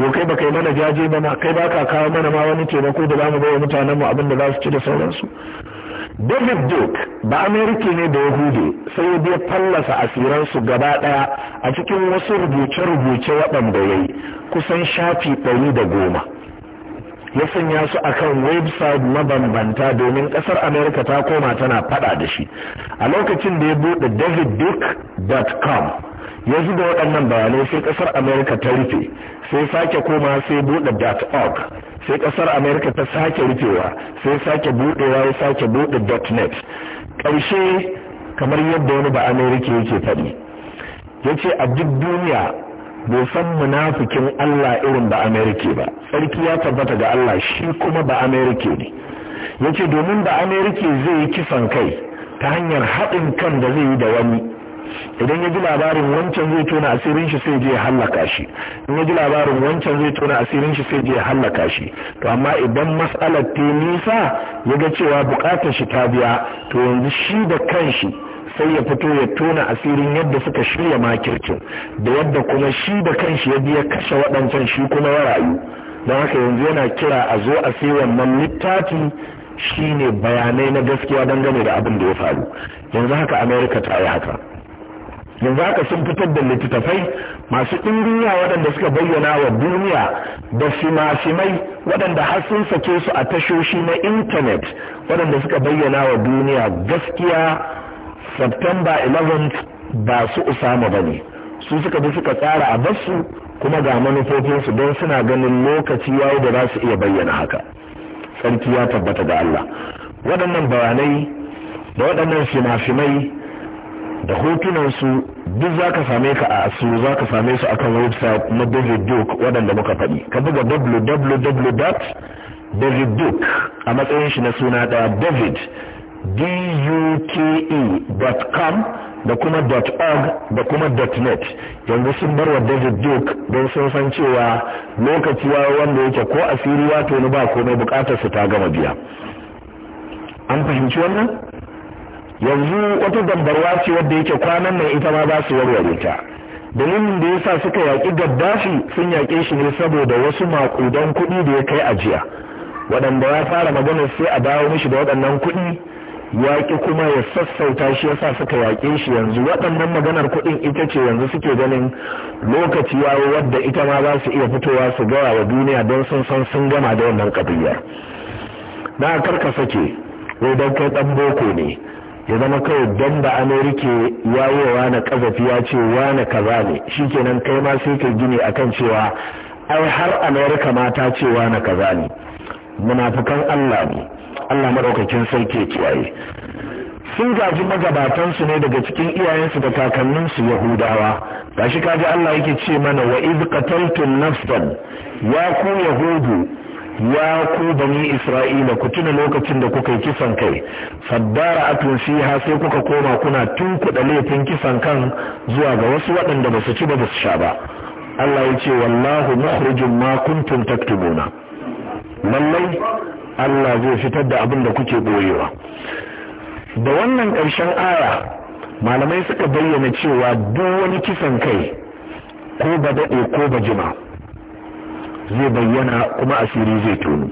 yo kai baka yi mana jaje ba ma kai baka kawo mana ma wani taimako da zamu bai mutanen mu abin da za su ci da sauransu David Duke ba Amerika ne da Yahudi sai ya fallasa asiransu gaba daya a cikin wasu rubuce-rubuce waɗanda ya kusan shafi ɗari da goma. ya sanya su a kan website mabambanta domin ƙasar amerika ta koma tana faɗa da shi a lokacin da ya bude davidduke.com ya da waɗannan bayanai sai ƙasar amerika ta rufe sai sake koma sai buɗe dot org sai ƙasar amerika ta sake rufewa sai sake buɗewa ya sake buɗe dot net ƙarshe kamar yadda wani ba amerika yake faɗi ya ce a duk duniya bai san munafikin allah irin ba amerika ba tsarki ya tabbata ga allah shi kuma ba amerika ne ya ce domin ba amerika zai yi kisan kai ta hanyar haɗin kan da zai yi da wani idan ya ji labarin wancan zai tona asirin shi sai je ya hallaka shi in ya ji labarin wancan zai tona asirin shi sai je ya hallaka shi to amma idan matsalar ta nisa ya ga cewa bukatar shi ta biya to yanzu shi da kanshi sai ya fito ya tona asirin yadda suka shirya makirkin da yadda kuma shi da kanshi ya biya kashe waɗancan shi kuma ya rayu don haka yanzu yana kira a zo a sai wannan littafi shine bayanai na gaskiya dangane da abin da ya faru yanzu haka amerika ta yi haka yanzu haka sun fitar da littattafai masu ɗingiriya waɗanda suka bayyana wa duniya da shima waɗanda har sun sake su a tashoshi na intanet waɗanda suka bayyana wa duniya gaskiya september 11 ba su usama ba ne su suka bi suka tsara a basu kuma ga manufofinsu don suna ganin lokaci yayi da za su iya bayyana haka sarki ya tabbata ga Allah waɗannan bayanai da waɗannan shima da hotunansu duk za ka same ka a su za ka same su akan website na david duke waɗanda muka faɗi ka buga www.david duke a matsayin shi na suna ɗaya david duke.com da kuma .org da kuma .net yanzu sun bar wa David Duke don sun san cewa lokaci ya wanda yake ko asiri wato ni ba komai bukatar su ta gama biya an fahimci wannan yanzu wata dambarwa ce wadda yake kwanan nan ita ma za su warware ta dalilin da yasa suka yaƙi gaddafi sun yaƙe shi ne saboda wasu maƙudan kuɗi da ya kai ajiya waɗanda ya fara magana sai a dawo mishi da waɗannan kuɗi yaƙi kuma ya sassauta shi yasa suka yaƙe shi yanzu waɗannan maganar kuɗin ita ce yanzu suke ganin lokaci yawo wadda ita ma za su iya fitowa su gawa wa duniya don sun san sun gama da wannan ƙabiyar na karka sake wai don kai ɗan boko ne ya zama kawai don ba amerika ya yi wa na kazafi ya ce wa na kaza ne kenan kai ma sai ka gini akan cewa ai har amerika ma ta ce na kaza ne munafukan allah ne allah maɗaukakin sarki kiyaye sun gaji magabatansu ne daga cikin iyayensu da kakanninsu yahudawa gashi kaji allah yake ce mana wa iz qataltum nafsan ya ku yahudu ya ku bani isra'ila ku tuna lokacin da kuka yi kisan kai faddara atun fiha sai kuka koma kuna tunkuɗa laifin kisan kan zuwa ga wasu waɗanda ba su ci ba su sha ba Allah ya ce wallahu mukhrijum ma kuntum taktubuna lallai Allah zai fitar da abin da kuke boyewa da wannan ƙarshen aya malamai suka bayyana cewa duk wani kisan kai ko ba daɗe ko ba jima zai bayyana kuma asiri zai tono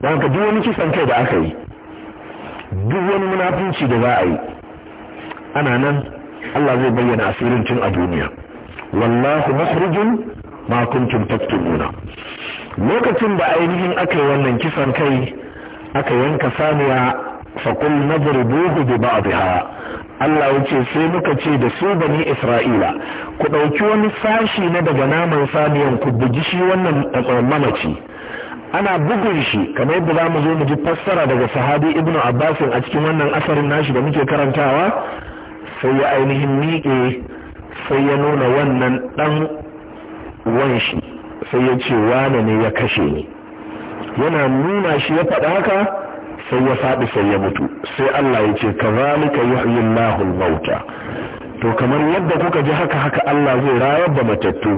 don haka duk wani kisan kai da aka yi duk wani munafunci da za a yi ana nan Allah zai bayyana asirin tun a duniya wallahu makhrijun ma kuntum taktumuna lokacin da ainihin aka yi wannan kisan kai aka yanka saniya fakul nadribuhu bi ba'dha Allah yace sai muka ce da su bani Isra'ila ku ɗauki wani sashi na daga naman saniyan ku bugi shi wannan mamaci ana bugun shi kamar yadda za mu zo mu ji fassara daga sahabi Ibnu Abbas a cikin wannan asarin nashi da muke karantawa sai ya ainihin miƙe sai ya nuna wannan dan wanshi sai ya ce wane ne ya kashe ni yana nuna shi ya faɗa haka sai ya faɗi sai ya mutu sai Allah ya ce kazalika yuhyi Allahu al-mauta to kamar yadda kuka ji haka haka Allah zai rayar da matattu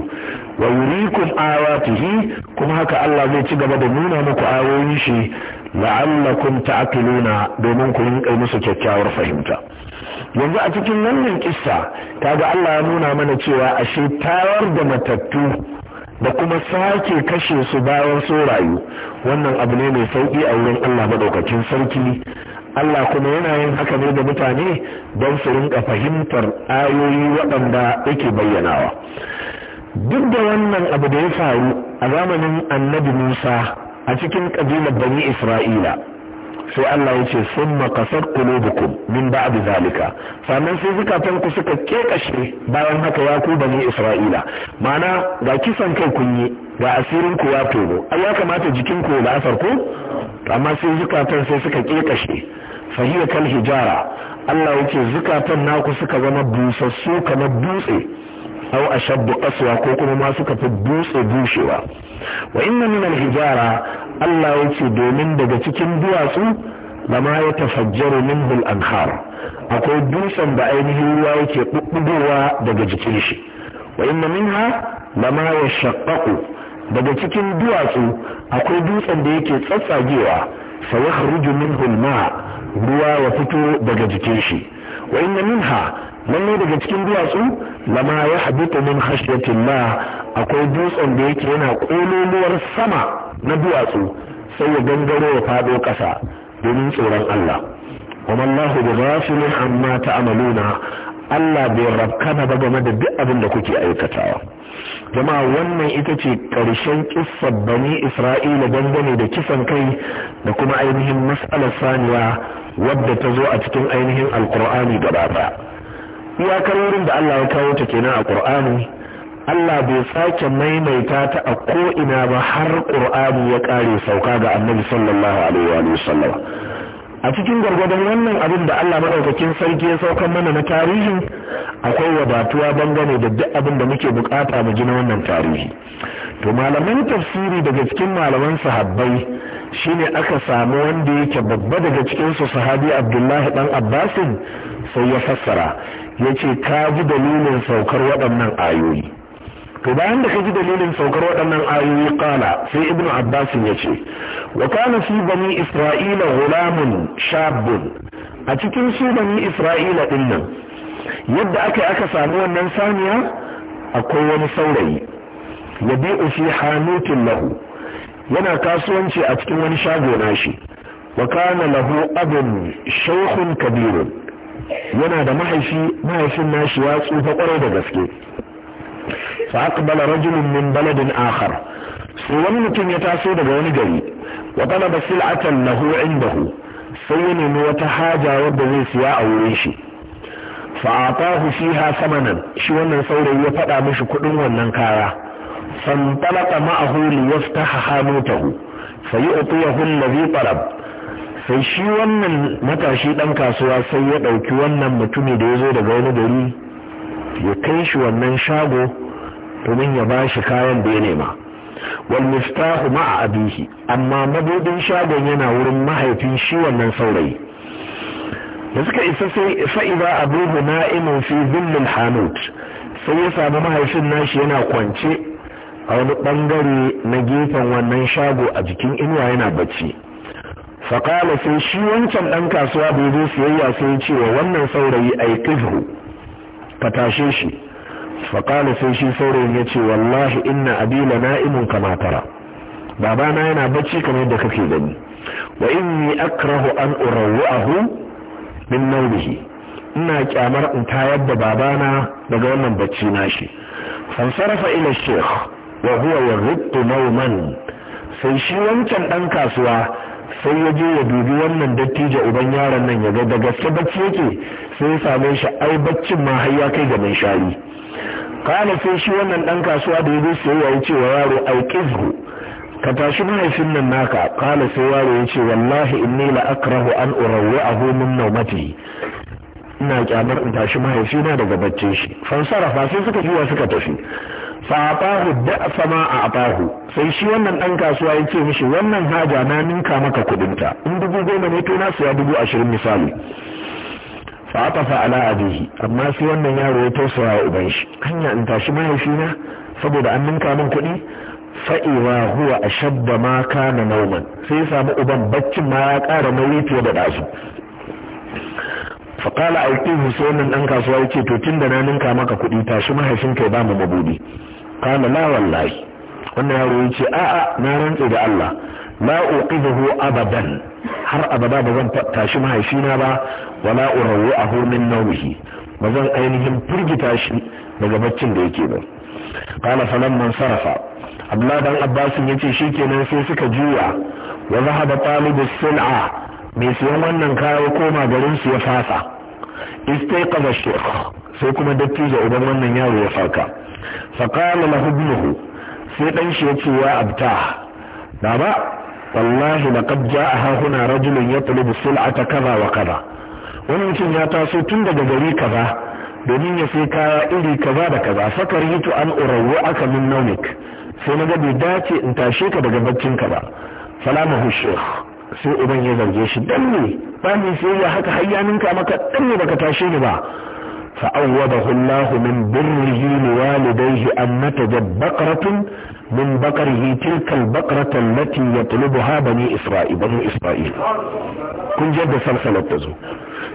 wa yurikum ayatihi kuma haka Allah zai ci gaba da nuna muku ayoyin shi la'allakum ta'qiluna domin ku rinka musu kyakkyawar fahimta yanzu a cikin wannan kissa kaga Allah ya nuna mana cewa ashe tayar da matattu da kuma sake kashe su bayan su rayu wannan abu ne mai sauki a wurin Allah maɗaukacin sarki Allah kuma yana yin haka ne da mutane don su rinka fahimtar ayoyi waɗanda yake bayyanawa duk da wannan abu da ya faru a zamanin annabi Musa a cikin ƙabilar Bani Isra'ila sai Allah ya ce summa qasat qulubukum min da zalika sannan sai zukatan ku suka kekashe bayan haka ya ku bani Isra'ila ma'ana ga kisan kai kun yi ga asirin ku ya tobo ai ya kamata jikin ku da asar ku amma sai zukatan sai suka kekashe fahiya kal hijara Allah ce zukatan naku suka zama busassu kamar dutse au ashabbu qaswa ko kuma ma suka fi dutse bushewa wa inna min al-hijara Allah yace domin daga cikin duwatsu lama ya tafajjaru min al-anhar akwai dutsen da ainihin ruwa yake bubbugowa daga jikin shi wa inna minha lama yashaqqaqu daga cikin duwatsu akwai dutsen da yake tsatsagewa fa yakhruju minhu al-ma ruwa ya fito daga jikin shi wa inna minha lalle daga cikin duwatsu lama ya habitu min khashyatillah akwai dutsen da yake yana kololuwar sama na duwatsu sai ya gangaro ya fado ƙasa domin tsoron Allah kuma Allah da ghafilin amma ta'maluna Allah bai rabkana ba game da duk abin da kuke aikatawa jama'a wannan ita ce ƙarshen kissar bani Isra'ila dangane da kisan kai da kuma ainihin matsalar saniya wadda ta zo a cikin ainihin alkur'ani gaba ɗaya iyakar wurin da Allah ya kawo ta kenan a Qur'ani Allah bai sake maimaita ta a ko ina ba har Qur'ani ya kare sauka ga Annabi sallallahu alaihi wa sallam a cikin gargadan wannan abin da Allah maɗaukakin sarki ya sauka mana na tarihi akwai wadatuwa bangare da duk abin da muke bukata mu ji na wannan tarihi to malaman tafsiri daga cikin malaman sahabbai shine aka samu wanda yake babba daga cikin su sahabi Abdullahi dan Abbasin sai ya fassara ya ce ka ji dalilin saukar waɗannan ayoyi to bayan da ka ji dalilin saukar waɗannan ayoyi kala sai ibn abbas ya ce wa kana fi bani isra'ila gulamun shabun a cikin su bani isra'ila din nan yadda aka aka samu wannan saniya akwai wani saurayi ya bi fi hanutin lahu yana kasuwanci a cikin wani shago nashi wa kana lahu abun shaykhun kabirun yana da mahaifi mahaifin nashi ya tsufa kwarai da gaske fa aqbala rajulun min baladin akhar sai wani mutum ya taso daga wani gari wa talaba sil'atan lahu indahu sai ya nemi wata haja wadda zai siya a wurin shi fa atahu fiha samanan shi wannan saurayi ya faɗa mishi kuɗin wannan kaya fantalaka ma'ahu li yaftaha hanutahu fa yu'tiyahu alladhi talab sai shi wannan matashi ɗan kasuwa sai ya ɗauki wannan mutumi da ya zo daga wani gari ya kai shi wannan shago domin ya ba shi kayan da ya nema wal a ma'a abihi amma mabudin shagon yana wurin mahaifin shi wannan saurayi da suka isa sai fa'iza abubu na'imun fi zillin hanut sai ya samu mahaifin nashi yana kwance a wani bangare na gefen wannan shago a jikin inuwa yana bacci faƙala sai shi wancan ɗan kasuwa bai zo siyayya sai ce wa wannan saurayi aikihu ka tashe shi faƙala sai shi saurayin ya ce wallahi inna abila na'imun kama tara babana yana bacci kamar da kake gani wa inni akrahu an urawwahu min nawmihi ina kyamar in tayar da babana daga wannan bacci nashi fansarafa ila sheikh wa huwa yarqu nawman sai shi wancan ɗan kasuwa sai ya je ya dubi wannan dattijo uban yaron nan ya ga da gaske bacci yake sai ya same shi ai baccin ma har ya kai ga mai shayi. kana sai shi wannan dan kasuwa da ya zo ya yi cewa yaro ai kizhu ka tashi mahaifin nan naka kana sai yaro ya ce wallahi inni la akrahu an urawwi'ahu min nawmati ina kyamar in tashi mahaifina daga baccin shi fa sai suka juya suka tafi fa da sama a afahu sai shi wannan dan kasuwa ya ce mishi wannan haja na ninka maka kudin ta in dubu goma ne to na siya dubu ashirin misali fa atafa ala abihi amma sai wannan yaro ya tausaya wa uban shi hanya in tashi mahaifi na saboda an ninka min kuɗi fa'iwa huwa a shabba ma kana nauman sai ya samu uban baccin ma ya ƙara nauyi fiye da ɗasu faƙala a yi sai wannan ɗan kasuwa ya ce to tun da na ninka maka kuɗi tashi mahaifin kai ba mu mabudi kana la wallahi wannan yaro ya ce a'a na rantse da Allah la uqidahu abadan har abada ba zan tashi mahaifina ba wala urawi'ahu min nawhi ba zan ainihin firgita shi daga baccin da yake ba kana falan man sarafa abdullahi dan abbas yace shikenan sai suka juya wa zahaba talibu sil'a mai siyan wannan kaya koma garin su ya fasa istaiqaza shaykh sai kuma dattijo idan wannan yaro ya farka faƙala na hubnuhu sai ɗan shi ya ce ya abta baba wallahi da kad a hahuna rajulun ya tulubu sul'ata kaza wa kaza wani mutum ya taso tun daga gari kaza domin ya sai kaya iri kaza da kaza fakar yitu an urawu aka min naunik sai na ga bai dace in tashe ka daga baccinka ba salamahu shekh sai uban ya zarge shi dan ne ba ni sai ya haka hayyaninka maka dan ne baka tashe ni ba فأوضه الله من بره لوالديه أن نتجد بقرة من بقره تلك البقرة التي يطلبها بني إسرائيل بني إسرائيل كن جد سلسلة تزو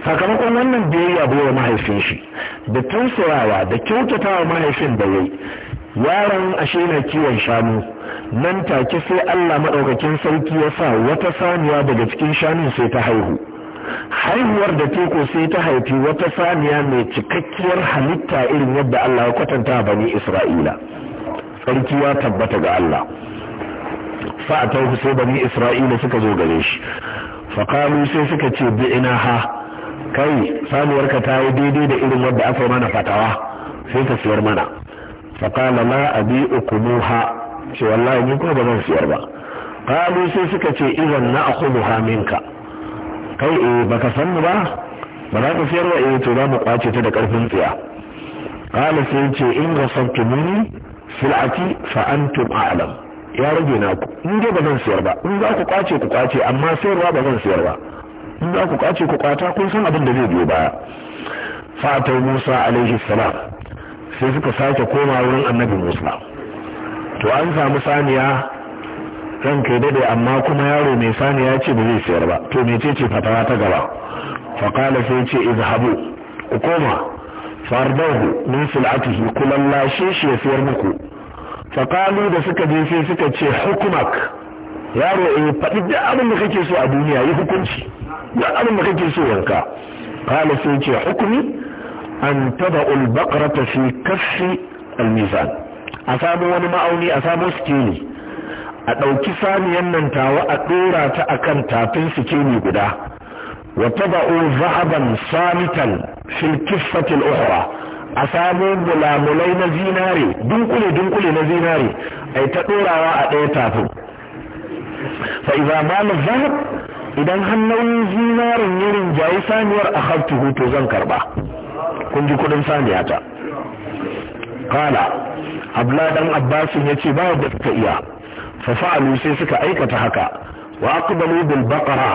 sakamakon wannan da ya yi abu wa mahaifin shi da tunsurawa da kyautata wa mahaifin da ya yaron ashe na kiwon shanu nan take sai allah maɗaukakin sarki ya sa wata saniya daga cikin shanun sai ta haihu haihuwar da teku sai ta haifi wata saniya mai cikakkiyar halitta irin yadda Allah ya kwatanta bani Isra'ila sarki ya tabbata ga Allah fa'atau sai bani Isra'ila suka zo gare shi faqalu sai suka ce ina ha kai saniyar ka ta yi daidai da irin wadda aka yi mana fatawa sai ka siyar mana faqala la abi'ukumuha ce wallahi ni ko ba zan siyar ba qalu sai suka ce idan na akhudha minka kai e baka san ni ba ba za ka siyar wa eh, to za mu kwace ta da karfin tsiya kala sai ce in ga rasabtumuni sil'ati fa antum a'lam ya rage naku in dai ba zan siyar ba in za ku kwace ku kwace amma sayarwa ba zan siyar ba in za ku kwace ku kwata kun san abin da zai biyo baya Fatan Musa alaihi salam sai suka sake koma wurin annabi Musa to an samu saniya ranka ya dade amma kuma yaro mai sani ya ce ba zai sayar ba to mece ce fatawa ta gaba faƙala sai ce izhabu ku koma fardahu min sil'atihi ku lallashe shi ya sayar muku faƙalu da suka je sai suka ce hukumak yaro eh faɗi duk abin da kake so a duniya yi hukunci duk abin da kake so yanka qala sai ce hukumi an tada'u al fi kaffi al-mizan a samu wani ma'auni a samu skeli a ɗauki saniyan nan tawa a ɗora ta akan tafin sikeli guda wa taba'u zahaban samitan fil kiffatil Uhura a samo bulamulai na zinare dunkule dunkule na zinare a ta ɗorawa a ɗaya tafin fa ba bala zahab idan hannun zinarin ya rinjayi saniyar a haftuhu to zan karba kun ji kuɗin saniya ta kala abla dan abbasin ya ce ba da iya fa fa'alu sai suka aikata haka wa aqbalu bil baqara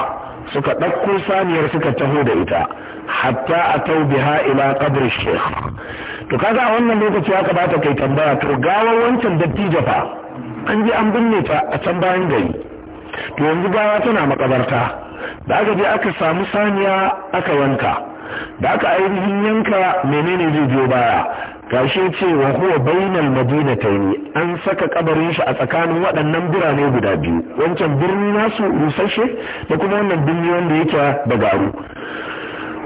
suka ɗauko saniyar suka taho da ita hatta atau biha ila qabr sheikh to kaga a wannan lokaci aka bata kai tambaya to gawar wancan dattijo fa an ji an binne ta a can bayan gari to yanzu gawa tana makabarta da aka je aka samu saniya aka wanka da aka ainihin yanka menene zai biyo baya kashi ce wa huwa bainal madinataini an saka kabarin shi a tsakanin waɗannan birane guda biyu wancan birni nasu rusashe da kuma wannan birni wanda yake da garu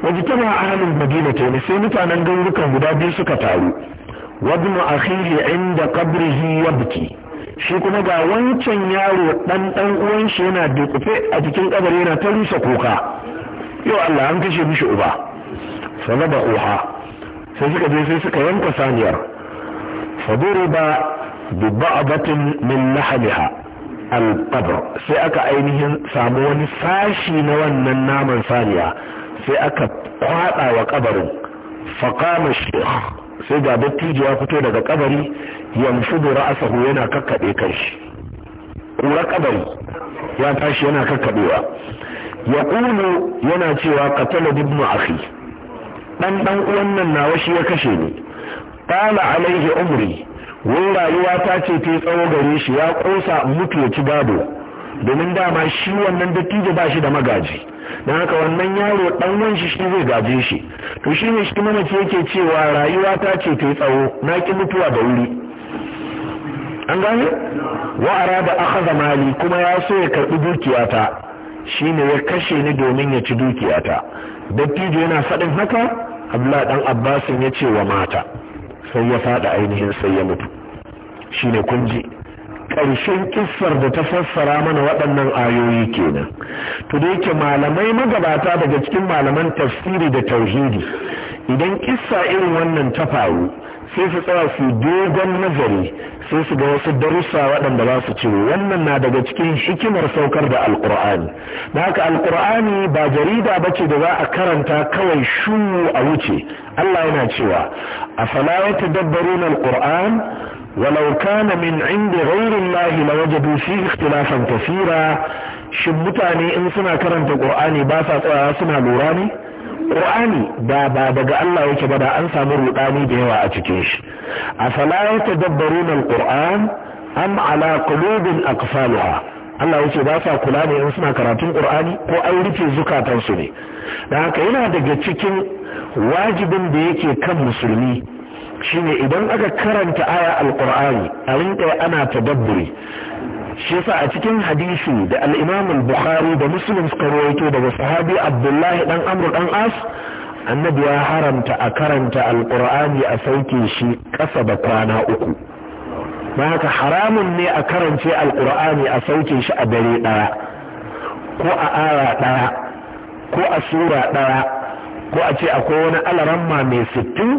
waje tana ahalin madinataini sai mutanen garurukan guda biyu suka taru wabnu akhihi inda qabrihi yabki shi kuma ga wancan yaro dan dan uwan shi yana dukufe a cikin kabari yana ta rusa kuka yau Allah an kashe mishi uba fa uha sai suka je sai suka yanka saniyar faduriba bi ba'datin min lahmiha al-qabr sai aka ainihin samu wani sashi na wannan naman saniya sai aka kwada wa kabarin faqama shaykh sai ga dattijo ya fito daga kabari yamshudu ra'sahu yana kakkabe kanshi kura kabari ya tashi yana kakkabewa yaqulu yana cewa qatala ibn akhi dan dan uwan nan nawa shi ya kashe ni qala alaihi umri wai rayuwa ta ce ta tsawo gare shi ya kosa mutu ya ci gado domin dama shi wannan dattijo ba shi da magaji don haka wannan yaro dan wan shi shi zai gaje shi to shi ne shi mana ke yake cewa rayuwa ta ce ta tsawo na ki mutuwa da wuri an gane wa arada akhadha mali kuma ya so ya karbi dukiyata shine ya kashe ni domin ya ci dukiyata dattijo yana faɗin haka abla dan abbasin ya ce wa mata sai ya faɗi ainihin sai ya mutu shine ne kunji. ƙarshen kissar da ta fassara mana waɗannan ayoyi kenan to da yake malamai magabata daga cikin malaman tafsiri da tauhidi idan kissa irin wannan ta faru sai su tsaya su dogon nazari sai su ga wasu darussa waɗanda ba su ciro wannan na daga cikin hikimar saukar da alkur'ani da haka Al'ƙur'ani ba jarida ba ce da za a karanta kawai shu a wuce allah yana cewa a fala ya tadabbarun alkur'an walau kana min inda ghairin lahi la wajadu fi ikhtilafan shin mutane in suna karanta ƙur'ani ba sa tsayawa suna lura ne Ƙur'ani da ba daga Allah yake ba da an samu ruɗani da yawa a cikin shi afala yatadabbaruna alquran am ala qulubin aqfalha Allah yake ba sa kula ne in suna karatun ƙur'ani? ko an rufe zukatansu ne da haka yana daga cikin wajibin da yake kan musulmi shine idan aka karanta aya alkur'ani a rinka ana tadabburi shi sa a cikin hadisi da al al-Bukhari da Muslim suka rawaito daga sahabi Abdullahi dan Amr dan As annabi ya haramta a karanta alkur'ani a sauke shi kasa da kwana uku don haka haramun ne a karance alkur'ani a sauke shi a dare daya ko a aya daya ko a sura daya ko a ce akwai wani alaramma mai sittin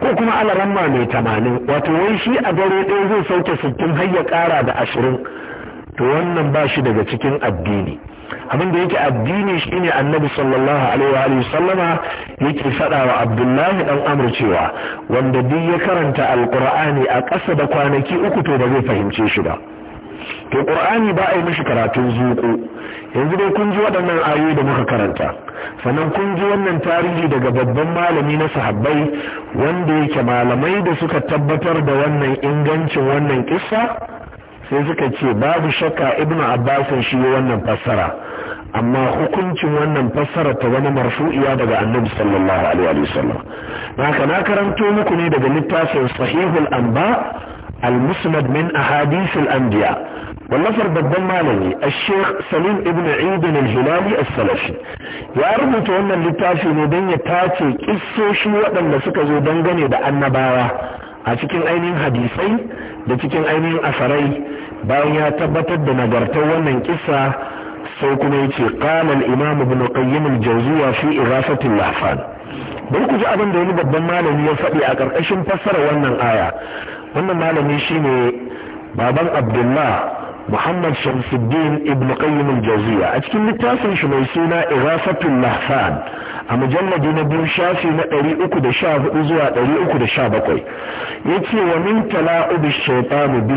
ko kuma alaramma mai tamanin wato wai shi a dare ɗaya zai sauke sittin har ya ƙara da ashirin to wannan ba shi daga cikin addini abin da yake addini shine annabi sallallahu alaihi wa sallama yake faɗa wa abdullahi ɗan amr cewa wanda duk ya karanta alqur'ani a ƙasa da kwanaki uku to ba zai fahimce shi ba to ƙur'ani ba a yi mishi karatun zuku yanzu dai kun ji waɗannan ayoyi da muka karanta sannan kun ji wannan tarihi daga babban malami na sahabbai wanda yake malamai da suka tabbatar da wannan ingancin wannan kissa sai suka ce babu shakka ibn abbasin shi wannan fassara amma hukuncin wannan fassara ta zama marfu'iya daga annabi sallallahu alaihi wasallam haka na karanto muku ne daga littafin sahihul anba al-musnad min ahadithil anbiya' wallafar babban malami a sheikh salim ibn idin al-hilali as-salafi ya rubuta wannan littafi ne don ya tace kissoshi waɗanda suka zo dangane da annabawa a cikin ainihin hadisai da cikin ainihin asarai bayan ya tabbatar da nagartar wannan kissa sai kuma ya ce qala imam ibn qayyim al-jawziyya fi irasati al-lahfan ku ji abin da wani babban malami ya faɗi a ƙarƙashin fassara wannan aya wannan malami shine baban abdullah محمد شمس الدين ابن قيم الجوزية a cikin شميسونا اغاثة اللحفان suna Ighafatul Lahfan a mujalladi na biyu shafi na 314 zuwa 317 yace wa min tala'ub ash-shaytan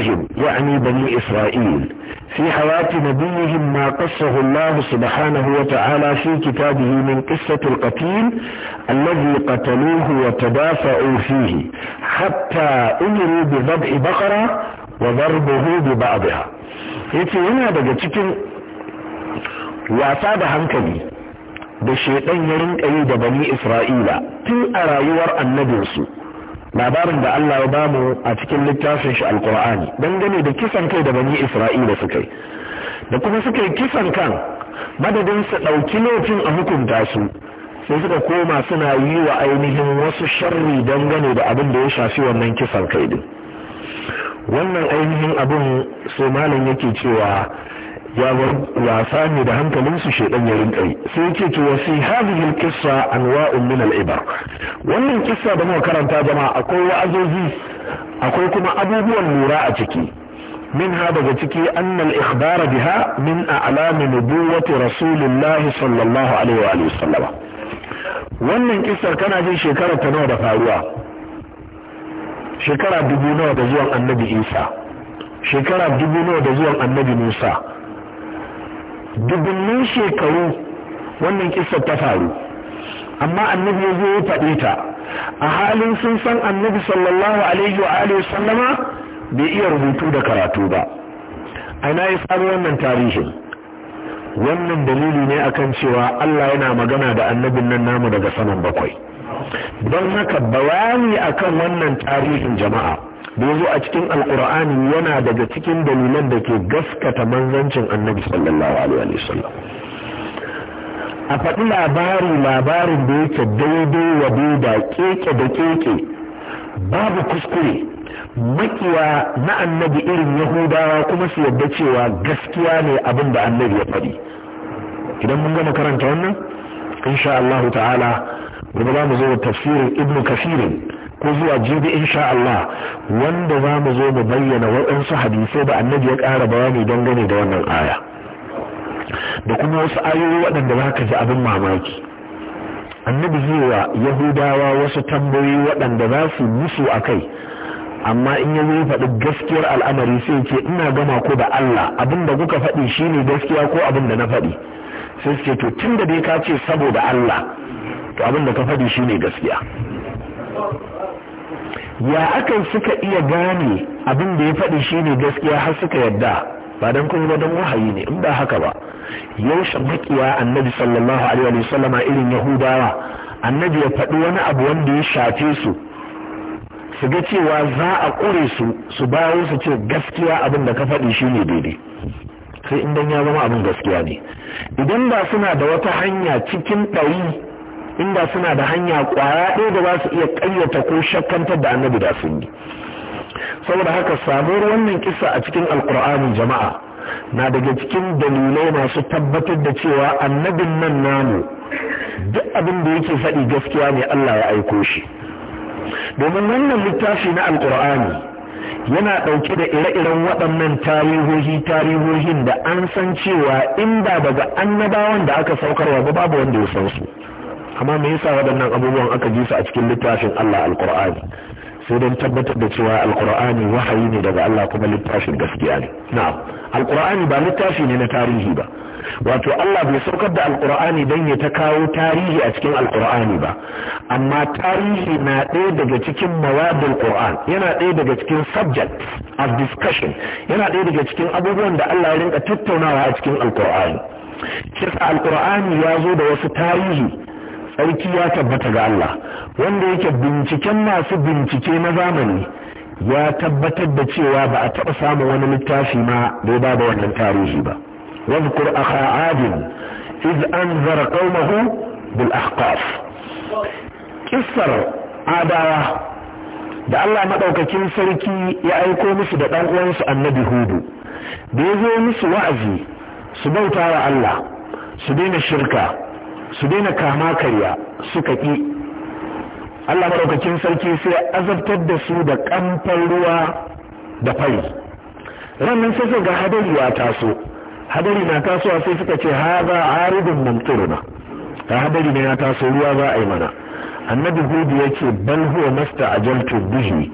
في حياة نبيهم ما قصه الله سبحانه وتعالى في كتابه من قصة القتيل الذي قتلوه وتدافعوا فيه حتى أمروا بضبع بقرة wa a bi Ya yace yana daga cikin wasa da hankali da shedan ya rinka yi da bani isra'ila tun a rayuwar annabinsu labarin da Allah ya bamu a cikin littafin shi alkur'ani dangane da kisan kai da bani isra'ila suka yi da kuma suka yi kisan kan madadin su ɗauki laifin a hukunta su sai suka koma suna yi wa ainihin wasu sharri dangane da abin da ya shafi wannan kisan kai din wannan ainihin abin sai malam yake cewa ya wasa ne da hankalinsu shaidan ya rinkai sai yake to wasi hadhihi alqissa anwa'un min al-ibar wannan kissa da muka karanta jama'a akwai wa'azozi akwai kuma abubuwan lura a ciki منها daga أن الإخبار بها من أعلام نبوة رسول الله صلى الله عليه وآله وسلم wannan kisar kana jin shekarar ta nawa da faruwa shekara dubu nawa da zuwan annabi isa shekara dubu nawa da zuwan annabi musa dubunnin shekaru wannan kisar ta faru amma annabi ya zo ya faɗe ta a halin sun san annabi sallallahu alaihi wa alihi sallama bai iya rubutu da karatu ba a na yi faru wannan tarihin wannan dalili ne akan cewa Allah yana magana da annabin nan namu daga saman bakwai don haka bayani akan wannan tarihin jama'a da yazo a cikin alkur'ani yana daga cikin dalilan da ke gaskata manzancin annabi sallallahu alaihi wasallam a faɗi labari labarin da yake daidai wa da keke da keke babu kuskure makiwa na annabi irin yahudawa kuma su yadda cewa gaskiya ne abin da annabi ya faɗi idan mun gama karanta wannan insha Allah ta'ala gobe za mu zo da tafsirin ibnu kafirin ko zuwa jibi insha Allah wanda za mu zo mu bayyana waɗansu hadisai da annabi ya ƙara bayani gane da wannan aya da kuma wasu ayoyi waɗanda za ka ji abin mamaki annabi zai wa yahudawa wasu tambayoyi waɗanda za su musu a kai amma in ya zai faɗi gaskiyar al'amari sai ce ina gama ko da Allah abin da kuka faɗi shine gaskiya ko abin da na faɗi sai suke to tun da dai ka ce saboda Allah to abin da ka faɗi shine gaskiya ya akan suka iya gane abin da ya faɗi shine gaskiya har suka yadda ba don kuma don wahayi ne in ba haka ba yaushe makiya annabi sallallahu alaihi wa sallama irin yahudawa annabi ya faɗi wani abu wanda ya shafe su su ga cewa za a ƙure su su bayo su ce gaskiya abin da ka faɗi shine daidai sai in dan ya zama abin gaskiya ne idan ba suna da wata hanya cikin ɗari inda suna da hanya kwaya ɗaya da za su iya ƙayyata ko shakkantar da annabi da sun yi saboda haka samuwar wannan kisa a cikin alkur'ani jama'a na daga cikin dalilai masu tabbatar da cewa annabin nan namu duk abin da yake faɗi gaskiya ne Allah ya aiko shi domin wannan littafi na alkur'ani yana ɗauke da ire-iren waɗannan tarihohi tarihohin da an san cewa in ba daga annabawan da aka saukarwa ba babu wanda ya san su amma me yasa waɗannan abubuwan aka ji su a cikin littafin Allah alqur'ani sai don tabbatar da cewa alqur'ani wahayi ne daga Allah kuma littafin gaskiya ne na'am alqur'ani ba littafi ne na tarihi ba wato Allah bai saukar da alkur'ani don ya ta kawo tarihi a cikin alkur'ani ba amma tarihi na ɗaya daga cikin mawadul qur'an yana ɗaya daga cikin subject of discussion yana ɗaya daga cikin abubuwan da Allah ya rinka tattaunawa a cikin alkur'ani kisa alkur'ani ya zo da wasu tarihi sarki ya tabbata ga Allah wanda yake binciken masu bincike na zamani ya tabbatar da cewa ba a taɓa samun wani littafi ma da ya bada wannan tarihi ba wazkur akha adin iz anzara qaumahu bil ahqaf kissar adawa da Allah madaukakin sarki ya aiko musu da dan uwansu annabi hudu da ya zo musu wa'azi su bauta wa Allah su daina shirka su daina kama karya suka ƙi Allah maɗaukakin sarki sai azabtar da su da kamfan ruwa da fari rannan sai ga hadari ya taso hadari na taso sai suka ce ha za a mamturuna ta hadari ne ya taso ruwa za a yi mana annabi hudu ya ce bal huwa masta ajaltu bihi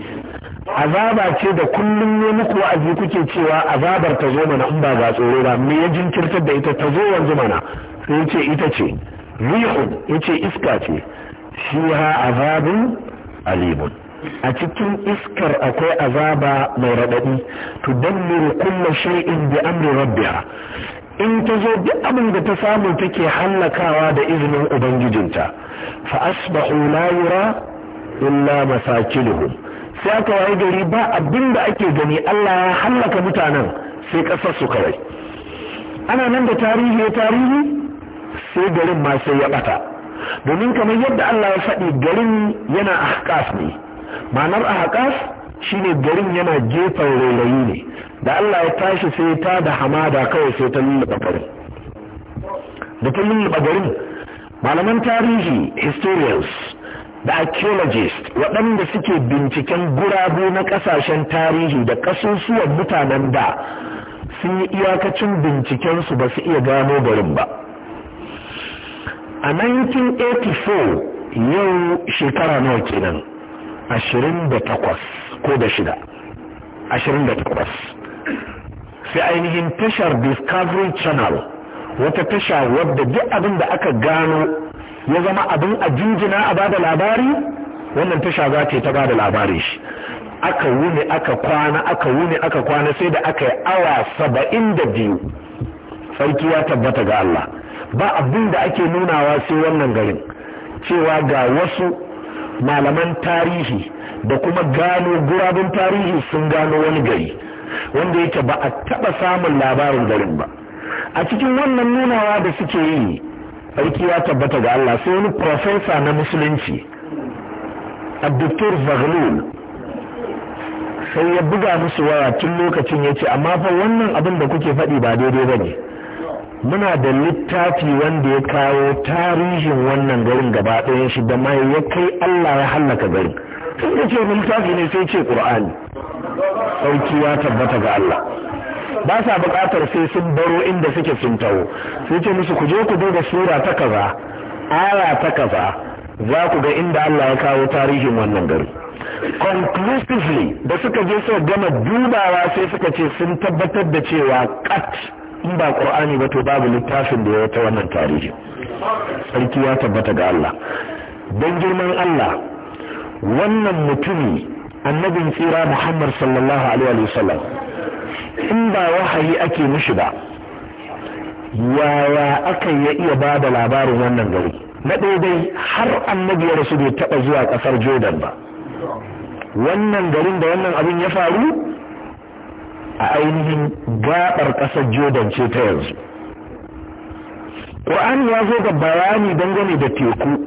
azaba ce da kullum ne muku wa'azi kuke cewa azabar ta zo mana in ba ga tsoro ba me ya jinkirtar da ita ta zo yanzu mana sai ce ita ce rihun yace iska ce shi ha azabun alimun a cikin iskar akwai azaba mai raɗaɗi tudammiru kulla shay'in bi amri rabbiha in ta zo duk abin da ta samu take hallakawa da izinin ubangijinta fa asbahu la yura illa masakinuhum sai aka waye gari ba abin da ake gani Allah ya hallaka mutanen sai kasar su kawai ana nan da tarihi ya tarihi sai garin ma sai ya bata domin kamar yadda Allah ya faɗi garin yana ahqaf ne ma'anar shi shine garin yana gefen rairayi ne da Allah ya tashi sai ta da hamada kawai sai ta lullaba garin da ta lullaba garin malaman tarihi historians da archaeologists waɗanda suke binciken gurabu na ƙasashen tarihi da ƙasusuwan mutanen da sun yi iyakacin bincikensu ba su iya gano garin ba a 1984 yau shekara nawa kenan 28 ko da shida 28 sai ainihin tashar discovery channel wata tasha wadda duk abin da aka gano ya zama abin a jinjina a bada labari wannan tasha za ta ba ta bada labari shi aka wuni aka kwana aka wuni aka kwana sai da aka yi awa saba'in da biyu sarki ya tabbata ga Allah ba abin da ake nunawa sai wannan garin cewa ga wasu malaman tarihi da kuma gano gurabin tarihi sun gano wani gari wanda yake ba a taɓa samun labarin garin ba a cikin wannan nunawa da suke yi aiki ya tabbata ga Allah sai wani profesa na musulunci abdulkur zaglul sai ya buga musu waya tun lokacin ya ce amma fa wannan abin da kuke faɗi ba daidai ba ne muna da littafi wanda ya kawo tarihin wannan garin gaba ɗayan shi da mai ya kai Allah ya hallaka garin sun ka ce wani littafi ne sai ce ƙur'ani sauki ya tabbata ga Allah ba sa buƙatar sai sun baro inda suke sun taho sai ce musu ku je ku duba sura ta kaza aya ta kaza za ku ga inda Allah ya kawo tarihin wannan gari conclusively da suka je suka gama dubawa sai suka ce sun tabbatar da cewa kat in ba ƙur'ani ba to babu littafin da ya wata wannan tarihi sarki ya tabbata ga Allah don girman Allah wannan mutumi annabin tsira Muhammad sallallahu alaihi wa sallam in ba wahayi ake mishi ba yaya aka ya iya ba da labarin wannan gari na dai har annabi ya rasu bai taɓa zuwa ƙasar jordan ba wannan garin da wannan abin ya faru a ainihin gabar ƙasar jordan ce ta yanzu ƙur'ani ya zo ga bayani dangane da teku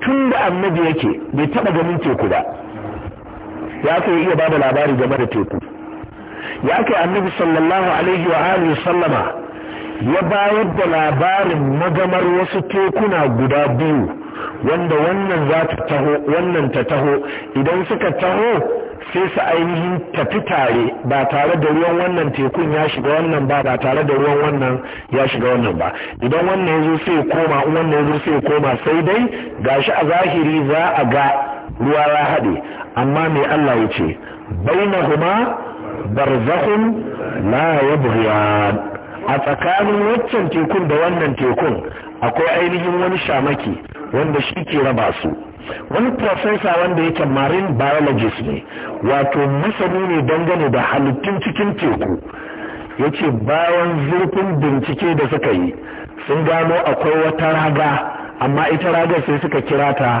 tun da annabi yake bai taɓa ganin teku ba ya kai iya ba da labari game da teku ya kai annabi sallallahu alaihi wa alihi sallama ya bayar da labarin magamar wasu tekuna guda biyu wanda wannan za ta taho wannan ta taho idan suka taho sai su ainihin tafi tare ba tare da ruwan wannan tekun ya shiga wannan ba ba tare da ruwan wannan ya shiga wannan ba idan wannan ya sai koma wannan ya sai koma sai dai gashi a zahiri za a ga ruwa ya haɗe amma mai Allah ya ce bainahuma barzakhun la yabghiyan a tsakanin waccan tekun da wannan tekun akwai ainihin wani shamaki wanda shi ke raba su wani profesa wanda yake marine biologist ne wato masani ne dangane da halittun cikin teku ya ce bayan zurfin bincike da suka yi sun gano akwai wata raga amma ita ragar sai suka kira ta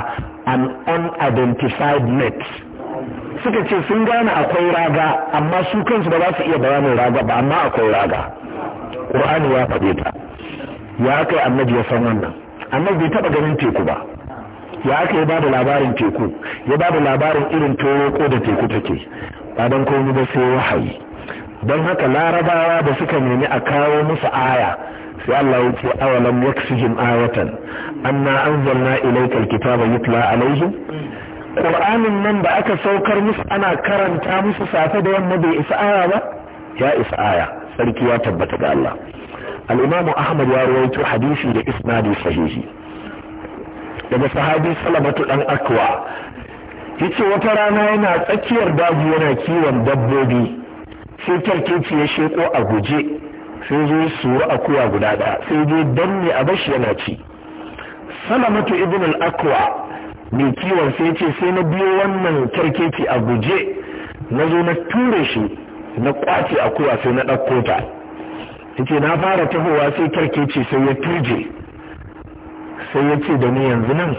an unidentified net suka ce sun gane akwai raga amma su kansu ba za su iya bayanin raga ba amma akwai raga qur'ani ya faɗe ta ya kai annabi ya san wannan annabi bai taɓa ganin teku ba ya aka yi bada labarin teku ya bada labarin irin toro ko da teku take ba don komai ba sai wahayi don haka larabawa da suka nemi a kawo musu aya sai Allah ya ce awalam yaksihim ayatan anna anzalna ilayka alkitaba yutla Alayhim. qur'anin nan da aka saukar musu ana karanta musu safe da yamma bai isa aya ba ya isa aya sarki ya tabbata ga Allah al-imam ahmad ya rawaito hadisi da isnadi sahihi daga sahabi salamatu dan akwa yace wata rana yana tsakiyar daji yana kiwon dabbobi sai kyarkeci ya sheko a guje sai zo suru akuya guda ɗaya sai zo danne a bashi yana ci salamatu ibn al-akwa mai kiwon sai ce sai na biyo wannan kyarkeci a guje na zo na ture shi na kwace akuya sai na ɗauko ta yace na fara tafowa sai ce sai ya tuje sai ya ce da ni yanzu nan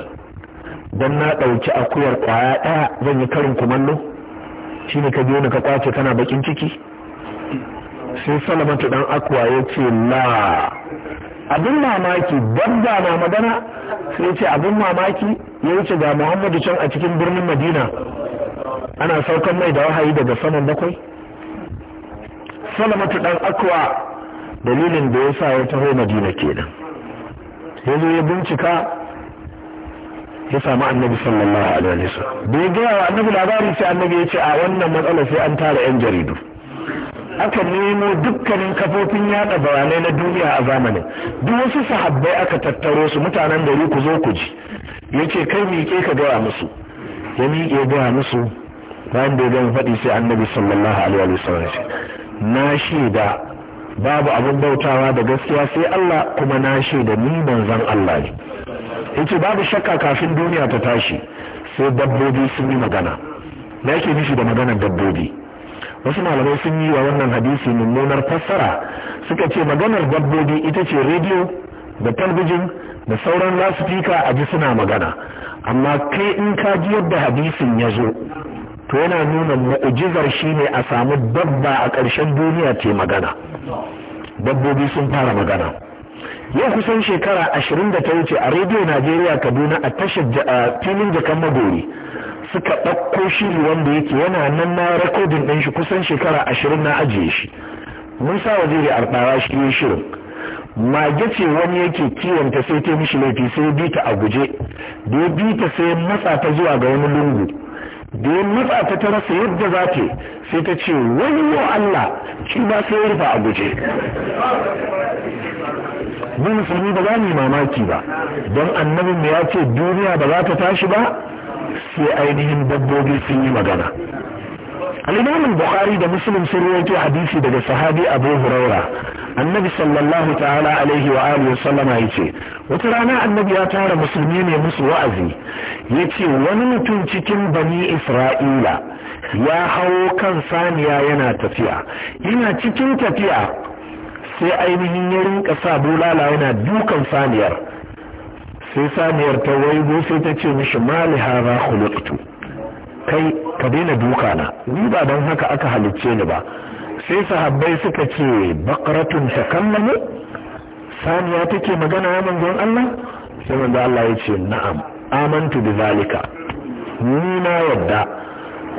don na ɗauki akuyar kwaya ɗaya zan yi karin kumallo shi ne ka biyo ni ka kwace kana bakin ciki sai salamatu dan akwa ya ce la abin mamaki dabba na magana sai ce abin mamaki ya wuce ga muhammadu can a cikin birnin madina ana saukan mai da wahayi daga saman bakwai salamatu dan akwa dalilin da ya sa ya taho madina kenan ya zo ya bincika ya samu annabi sallallahu alaihi wasallam da ya gaya wa annabi labari sai annabi ya ce a wannan matsalar sai an tara yan jaridu aka nemo dukkanin kafofin yada bayanai na duniya a zamanin duk wasu sahabbai aka tattaro su mutanen gari ku zo ku ji ya ce kai miƙe ka gaya musu ya miƙe gaya musu bayan da ya gama faɗi sai annabi sallallahu alaihi sallam na shaida babu abin bautawa da gaskiya sai Allah kuma na shaida ni manzan Allah ne yace babu shakka kafin duniya ta tashi sai dabbobi sun yi magana da yake nufi da maganar dabbobi wasu malamai sun yi wa wannan hadisi mummunar fassara suka ce maganar dabbobi ita ce rediyo da talbijin da sauran lasifika a ji suna magana amma kai in ka ji yadda hadisin ya zo to yana nuna shi ne a samu dabba a ƙarshen duniya ce magana dabbobi sun fara magana yau kusan shekara ashirin da ta wuce a rediyo najeriya kaduna a tashar filin jakan magori suka ɗauko shiri wanda yake yana nan na rikodin ɗin shi kusan shekara ashirin na ajiye shi mun sa wa jere arɗawa shi yi shirin mage ce wani yake kiwonta sai ta mishi laifi sai bi ta a guje da ya ta sai matsa ta zuwa ga wani lungu da ya matsa ta rasa yadda za ta sai ta ce wani Allah ki ba sai ya rufa a guje mu musulmi ba za mu yi mamaki ba don annabin mu ya ce duniya ba za ta tashi ba sai ainihin dabbobi sun yi magana al-imam bukhari da muslim sun rawaito hadisi daga sahabi abu huraira annabi sallallahu ta'ala alaihi wa alihi wa sallama yace wata rana annabi ya tara musulmi ne musu wa'azi yace wani mutum cikin bani isra'ila ya hawo kan saniya yana tafiya yana cikin tafiya sai ainihin ya rinka sa bulala yana dukan saniyar sai saniyar ta waigo sai ta ce mishi mali hadha khuluqtu kai ka daina duka na ni ba don haka aka halicce ni ba sai sahabbai suka ce baqaratun takallamu saniya take magana ya manzon Allah sai manzo Allah ya ce na'am amantu bi zalika ni na yadda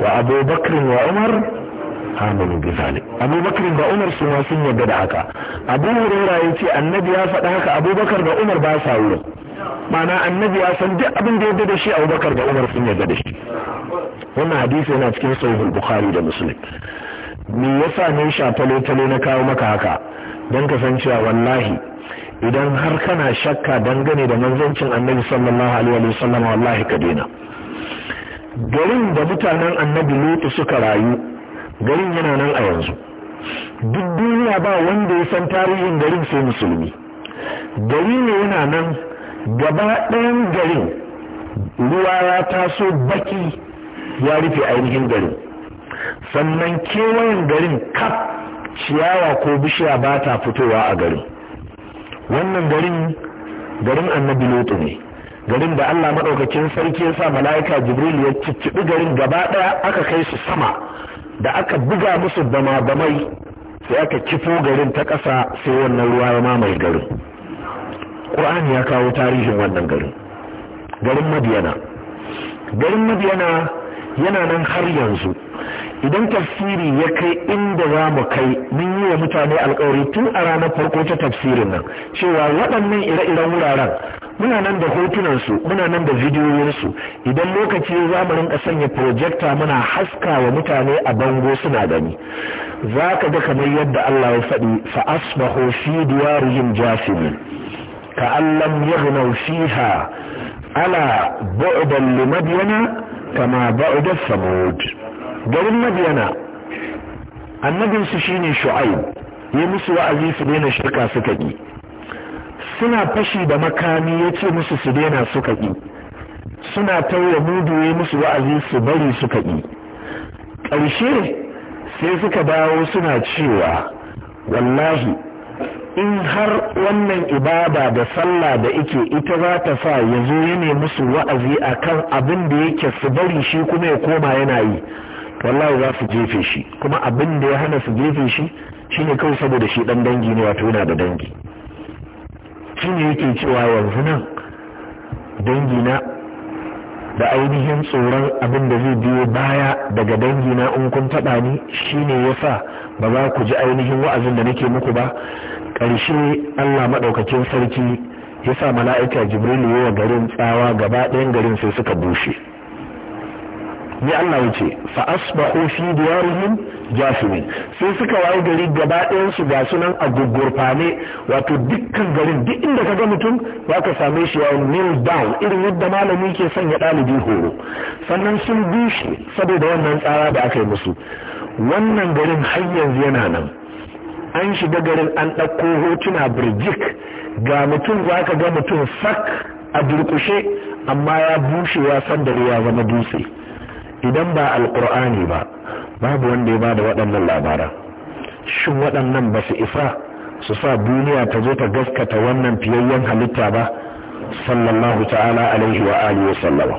wa Abu Bakr wa Umar amanu bi zalik Abu Bakr da Umar su ma sun yadda da haka Abu Hurairah ya ce annabi ya faɗa haka Abu Bakr da Umar ba sa wurin ma'ana annabi ya san duk abin da ya da shi abubakar da umar sun yarda da shi wannan hadisi yana cikin sahihul bukhari da muslim me yasa ne shafale tale na kawo maka haka dan don cewa wallahi idan har kana shakka dangane da manzancin annabi sallallahu alaihi wa sallam wallahi ka daina garin da mutanen annabi lutu suka rayu garin yana nan a yanzu duk duniya ba wanda ya san tarihin garin sai musulmi gari ne yana nan gaba ɗayan garin ruwa ya taso baki ya rufe ainihin garin sannan kewayen garin kaf ciyawa ko bishiya ba ta fitowa a garin wannan garin garin annabi lotu ne garin da Allah maɗaukakin sarki ya sa mala'ika jibril ya cicciɓi garin gaba ɗaya aka kai su sama da aka buga musu bama-bamai sai aka kifo garin ta ƙasa sai wannan ruwa ya mamaye garin ƙur'ani ya kawo tarihin wannan garin garin madiyana garin madiyana yana nan har yanzu idan tafsiri ya kai inda za mu kai mun yi wa mutane alkawari tun a ranar farko ta tafsirin nan cewa waɗannan ire-iren wuraren muna nan da hotunansu muna nan da bidiyoyinsu idan lokaci za mu rinka sanya projecta muna haska wa mutane a bango suna gani za ka ga kamar yadda Allah ya faɗi fa asbahu fi diyarihim jasimin Ka ya fi naushi ha ala bu'udan limadiyana kama bu'udan samud garin madiyana annabinsu shi ne shu'ayi ya musu wa'azi su daina shirka suka yi suna fashi da makami ya ce musu su daina suka yi suna tauye mudu ya musu wa'azi su bari suka yi ƙarshe sai suka dawo suna cewa wallahi in har wannan ibada da sallah da ike ita za ta sa ya zo ya ne musu wa'azi a kan abin da yake su bari shi kuma ya koma yana yi wallahi za su jefe shi kuma abin da ya hana su jefe shi shine kawai saboda shi dan dangi ne wato yana da dangi shine yake cewa yanzu nan dangi na da ainihin tsoron abin da zai biyo baya daga dangi na in kun taɓa ni shine sa. ba za ku ji ainihin wa'azin da nake muku ba ƙarshe Allah maɗaukacin sarki ya sa mala'ika jibrilu wa garin tsawa gaba ɗayan garin sai suka bushe ni Allah ya ce fa asbahu fi diyarihim jasimin sai suka wayi gari gaba ɗayan su ga sunan a wato dukkan garin duk inda ka ga mutum za ka same shi ya nil down irin yadda malami ke sanya ɗalibi horo sannan sun bushe saboda wannan tsara da aka yi musu wannan garin har yanzu yana nan an shiga garin an ɗauko hotuna birjik ga mutum za ka ga mutum sak a durkushe amma ya bushe ya sandare ya zama dutse idan ba alƙur'ani ba babu wanda ya ba da waɗannan labaran shin waɗannan ba su isa su sa duniya ta zo ta gaskata wannan fiyayyen halitta ba sallallahu ta'ala alaihi wa alihi wa sallama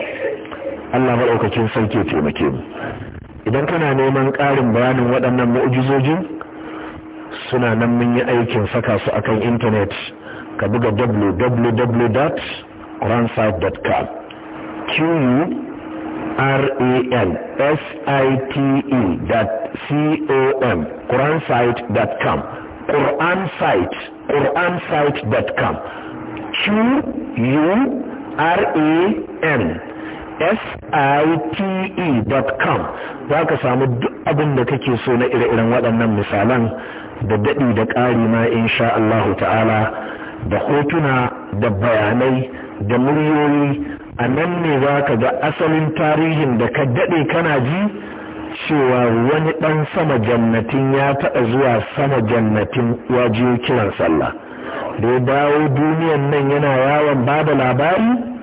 Allah maɗaukakin sarki taimake mu idan kana neman ƙarin bayanin waɗannan mu'ujizojin suna nan mun yi aikin saka su a kan intanet ka buga www.ransite.com q r a n s i t e c o m quransite.com quran quransite.com q u r a n site.com za ka samu duk abin da kake so na ire-iren waɗannan misalan da daɗi da ƙari ma insha Allahu ta'ala da hotuna da bayanai da muryoyi a nan ne za ka ga asalin tarihin da ka daɗe kana ji cewa wani ɗan sama jannatin ya taɗa zuwa sama jannatin waje kiran sallah da ya dawo duniyan nan yana yawon ba da labari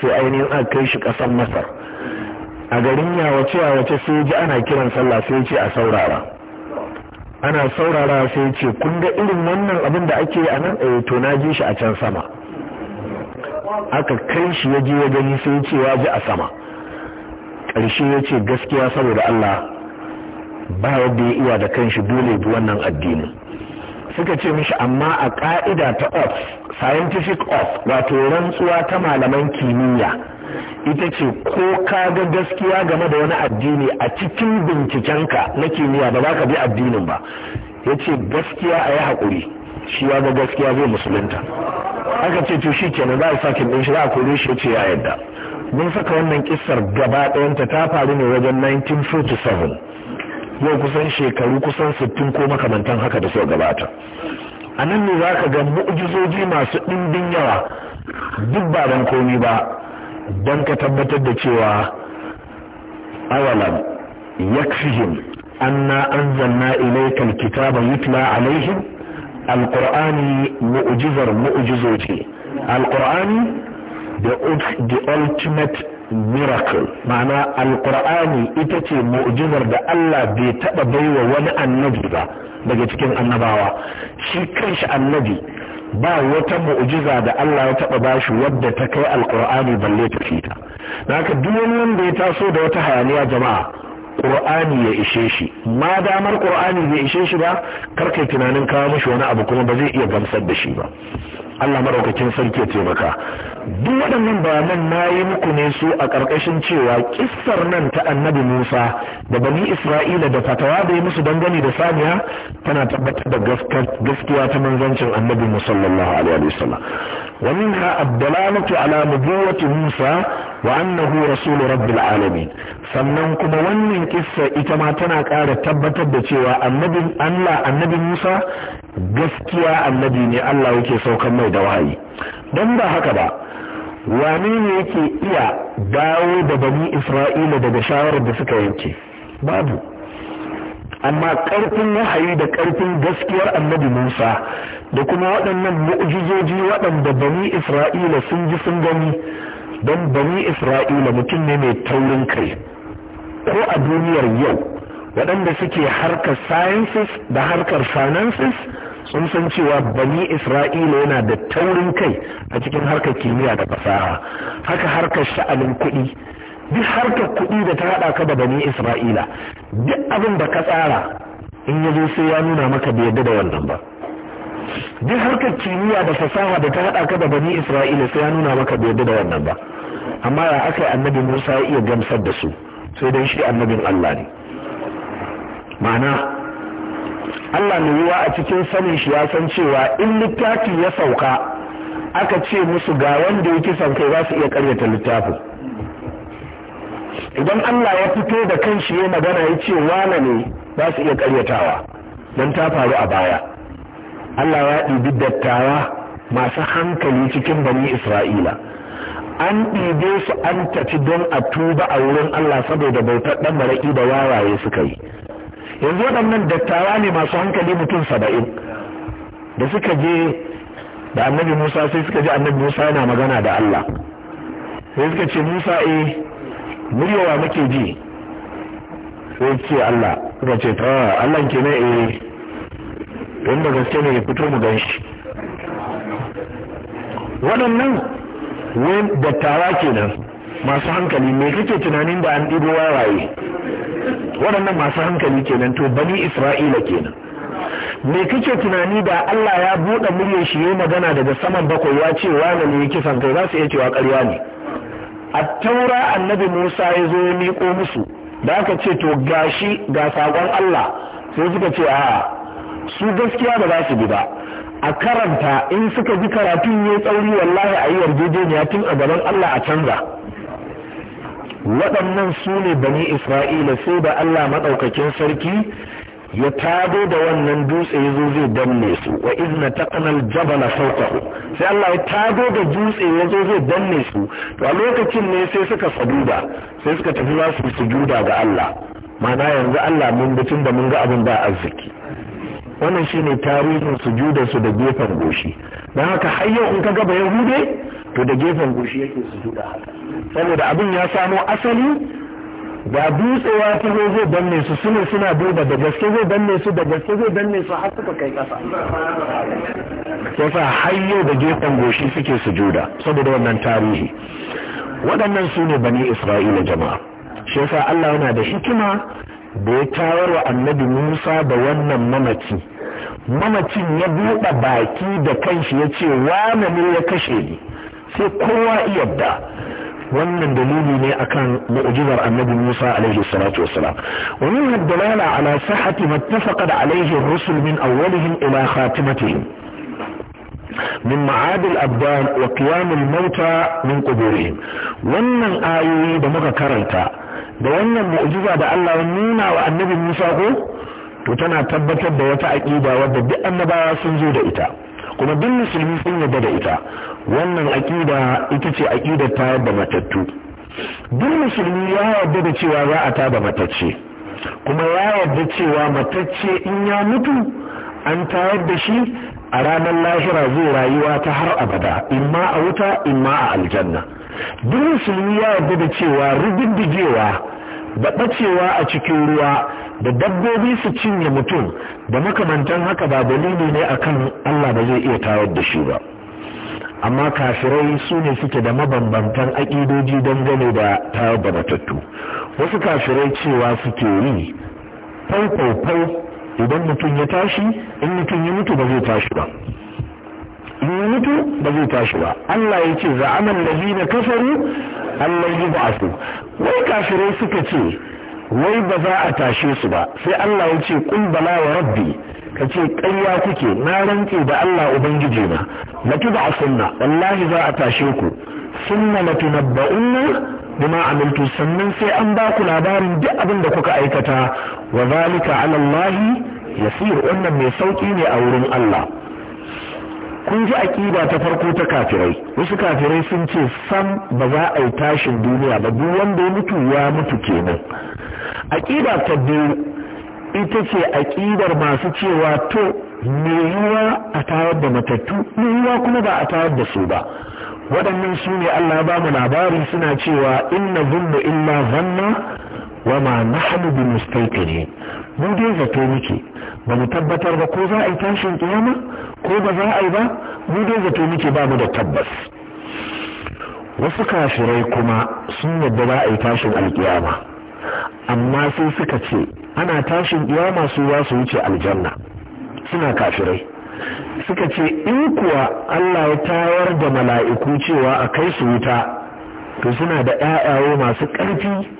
sai ainihin a kai shi ƙasar masar a garin yawace yawace sai ji ana kiran sallah sai ce a saurara ana saurara sai ce kun ga irin wannan abin da ake a nan ɗaya eh, to na ji shi a can sama aka kai shi ya je ya gani sai ce ya ji a sama ƙarshe ya ce gaskiya saboda Allah ba yadda ya iya da kanshi dole bi wannan addinin suka ce mishi amma a ƙa'ida ta of scientific of wato rantsuwa ta malaman kimiyya ita ce ko ka ga gaskiya game da wani addini a cikin bincikenka na kimiyya ba za ka bi addinin ba ya ce gaskiya a yi haƙuri shi ya ga gaskiya zai musulunta aka ce to shi kenan za a sa ɗin shi za a kore shi ya ce ya yadda mun saka wannan kissar gaba ɗayanta ta faru ne wajen 1947 yau kusan shekaru kusan sittin ko makamantan haka da suka gabata a nan ne za ka ga mu'ujizoji masu ɗimbin yawa duk ba don komi ba don ka tabbatar da cewa awalam yakfihim anna anzalna ilayka alkitaba yutla alaihim alqur'ani mu'jizar mu'jizoji alqur'ani the ultimate miracle ma'ana alkur'ani ita ce mu'jizar da Allah bai taɓa baiwa wani annabi ba daga cikin annabawa shi kanshi annabi ba wata mu'jiza da Allah ya taɓa bashi wadda ta kai alkur'ani balle ta fita na haka duk wani wanda ya taso da wata hayaniya jama'a qur'ani ya ishe shi ma damar qur'ani bai ishe shi ba kar kai tunanin kawo mishi wani abu kuma ba zai iya gamsar da shi ba Allah maraukakin sarki ya taimaka duk waɗannan bayanan na yi muku ne su a ƙarƙashin cewa kissar nan ta annabi Musa da bani Isra'ila da fatawa da yi musu dangane da saniya tana tabbatar da gaskiya ta manzancin annabi musallallahu alaihi wasallam wa minha ad-dalalatu ala nubuwwati Musa wa annahu rasulu rabbil alamin sannan kuma wannan kissa ita ma tana ƙara tabbatar da cewa annabin Allah annabi Musa gaskiya annabi ne Allah yake saukan mai da wahayi don ba haka ba wane ne yake iya dawo da bani Isra'ila daga shawarar da suka yanke babu amma ƙarfin wahayi da ƙarfin gaskiyar annabi Musa da kuma waɗannan mu'jizoji waɗanda bani Isra'ila sun ji sun gani don bani Isra'ila mutum ne mai taurin kai ko a duniyar yau waɗanda suke harkar sciences da harkar finances sun san cewa bani isra'ila yana da taurin kai a cikin harkar kimiyya da fasaha haka harkar sha'anin kuɗi duk harkar kuɗi da ta haɗa ka da bani isra'ila duk abin da ka tsara in ya zo sai ya nuna maka bai yadda da wannan ba duk harkar kimiyya da fasaha da ta haɗa ka da bani isra'ila sai ya nuna maka bai yadda da wannan ba amma ya aka annabi musa ya iya gamsar da su sai dai shi annabin Allah ne ma'ana Allah mai yiwa a cikin sanin shi ya san cewa in littafi ya sauka aka ce musu ga wanda ya kisan kai za su iya karyata littafin idan Allah ya fito da kanshi ya magana ya ce wane ne za su iya karyatawa don ta faru a baya Allah ya ɗibi dattawa masu hankali cikin bani Isra'ila an ɗibe su an tafi don a tuba a wurin Allah saboda bautar ɗan maraƙi da wawaye suka yi yanzu waɗannan dattawa ne masu hankali mutum saba'in da suka je da annabi musa sai suka ji annabi musa yana magana da Allah sai suka ce musa e eh, muryawa muke ji sai ce Allah suka ce ta Allah ke na e eh. inda gaske ne ya fito mu gan shi waɗannan wai dattawa kenan masu hankali me kake tunanin da an ɗigo waye waɗannan masu hankali kenan to bani isra'ila kenan me kake tunani da Allah ya buɗe muryar shi yayi magana daga saman bakwai ya ce wani ne yake san kai za su iya cewa ƙarya ne a taura annabi Musa ya zo ya miƙo musu da aka ce to gashi ga sakon Allah sai suka ce a su gaskiya ba za su bi ba a karanta in suka ji karatun ya tsauri wallahi a yi yarjejeniya tun a gaban Allah a canza waɗannan su ne bani isra'ila sai da Allah maɗaukakin sarki ya tado da wannan dutse ya zo zai danne su wa izna taqnal jabala fawqahu sai Allah ya tado da dutse ya zo zai danne su to a lokacin ne sai suka saduda sai suka tafi za su sujuda ga Allah ma'ana yanzu Allah mun bitin da mun ga abin ba arziki wannan shine tarihin su da gefen goshi don haka har yau in ka gaba yahude to da gefen goshi yake sujuda haka saboda abin ya samo asali da dutsewa ta zo zai danne su sune suna duba da gaske zai danne su da gaske zai danne su har suka kai kasa yasa har yau da gefen goshi suke sujuda saboda wannan tarihi waɗannan su ne bani isra'ila jama'a shi yasa Allah yana da hikima da ya tayar wa annabi musa da wannan mamaci mamacin ya buɗe baki da kanshi ya ce wane ne ya kashe ni sai kowa yadda wannan dalili ne akan mu'jizar annabi Musa alaihi salatu wassalam wa min dalala ala sihhati mattafaqat alaihi rusul min awwalihim ila khatimatihim min ma'ad al-abdan wa qiyam al-mauta min quburihim wannan ayoyi da muka karanta da wannan mu'jiza da Allah ya nuna wa annabi Musa ko to tana tabbatar da wata aqida wadda duk annabawa sun zo da ita kuma duk musulmi sun yarda da ita wannan aqida ita ce aqidar tayar da matattu duk musulmi ya yarda da cewa za a tada matacce kuma ya yarda cewa matacce in ya mutu an tayar da shi a ranar lahira zai rayuwa ta har abada imma a wuta imma a aljanna duk musulmi ya yarda da cewa rididdigewa da bacewa a cikin ruwa da dabbobi su cinye mutum da makamantan haka ba dalili ne akan Allah ba zai iya tawar da shi ba amma kafirai su ne suke da mabambantan aƙidoji dangane da tawar da matattu wasu kafirai cewa suke yi fai idan mutum ya tashi in mutum ya mutu ba zai tashi ba in mutu ba zai tashi ba Allah ya ce za'aman lazina kafaru Allah ya ba'asu wai kafirai suka ce wai ba za a tashe su ba sai Allah ya ce kul bala wa rabbi ka ce ƙarya kuke na rantse da Allah ubangiji na latu ba sunna wallahi za a tashe ku sunna latu nabba'unna bima amiltu sannan sai an ba ku labarin duk abin da kuka aikata wa zalika ala Allah yasir wannan mai sauki ne a wurin Allah kun ji aƙida ta farko ta kafirai wasu kafirai sun ce sam ba za a yi tashin duniya ba duk wanda ya mutu ya mutu kenan aƙida ta biyu ita ce aƙidar masu cewa to me yiwa a tayar da matattu me yiwa kuma ba a tayar da su ba waɗannan su ne Allah ba mu labari suna cewa inna zunnu illa zanna wa ma nahnu bi mustaqini mu dai zato muke ba mu tabbatar ba ko za a yi tashin kiyama ko ba za a yi ba mu dai zato muke ba mu da tabbas wasu kafirai kuma sun yadda za a yi tashin alkiyama amma sai suka ce ana tashin kiyama su za su wuce aljanna suna kafirai suka ce in kuwa Allah ya tayar da mala'iku cewa a kai su wuta to suna da ƴaƴaye masu ƙarfi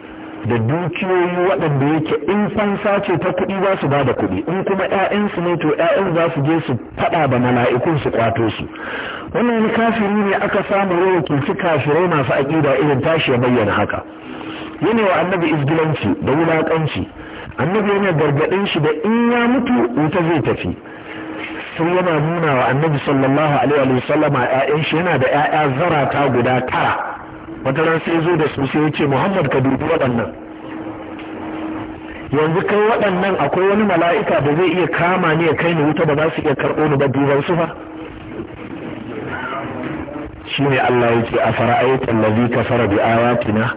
da dukiyoyi waɗanda yake in fansa ce ta kuɗi za su ba da kuɗi in kuma 'ya'yansu ne to 'ya'yan za su je su faɗa da mala'ikun su kwato su wannan kafiri ne aka samu yau kinci kafirai masu aƙida irin tashi ya bayyana haka yana wa annabi izgilanci da wulaƙanci annabi yana gargaɗin shi da in ya mutu wuta zai tafi sun yana nuna wa annabi sallallahu alaihi wa sallama 'ya'yan shi yana da 'ya'ya zarata guda tara wata ran sai zo da su sai ya ce muhammad ka dubi waɗannan yanzu kai waɗannan akwai wani mala'ika da zai iya kama ni ya kai ni wuta ba za su iya karɓo ni ba duban su shi ne Allah ya ce a fara'aita allazi kafara bi ayatina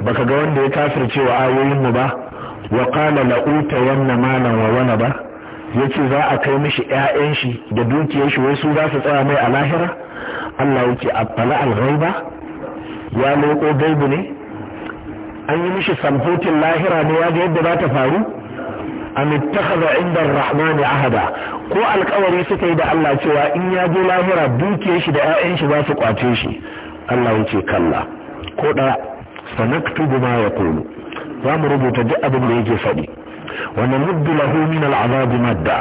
baka ga wanda ya kafirce wa ayoyin mu ba wa kala la utayanna malam wa wana ba yace za a kai mishi yayan shi da dukiyar shi wai su za su tsaya mai a lahira Allah yake a fara ghaiba ya leko gaibu ne an yi mishi samfotin lahira ne ya ga yadda za ta faru am ittakhadha inda rahman ahada ko alƙawari suka yi da Allah cewa in ya je lahira duke shi da 'ya'yan shi za su kwace shi Allah ya ce kalla ko da sanaktubu ya yaqulu za mu rubuta duk abin da yake faɗi wani muddu lahu min al'azabi madda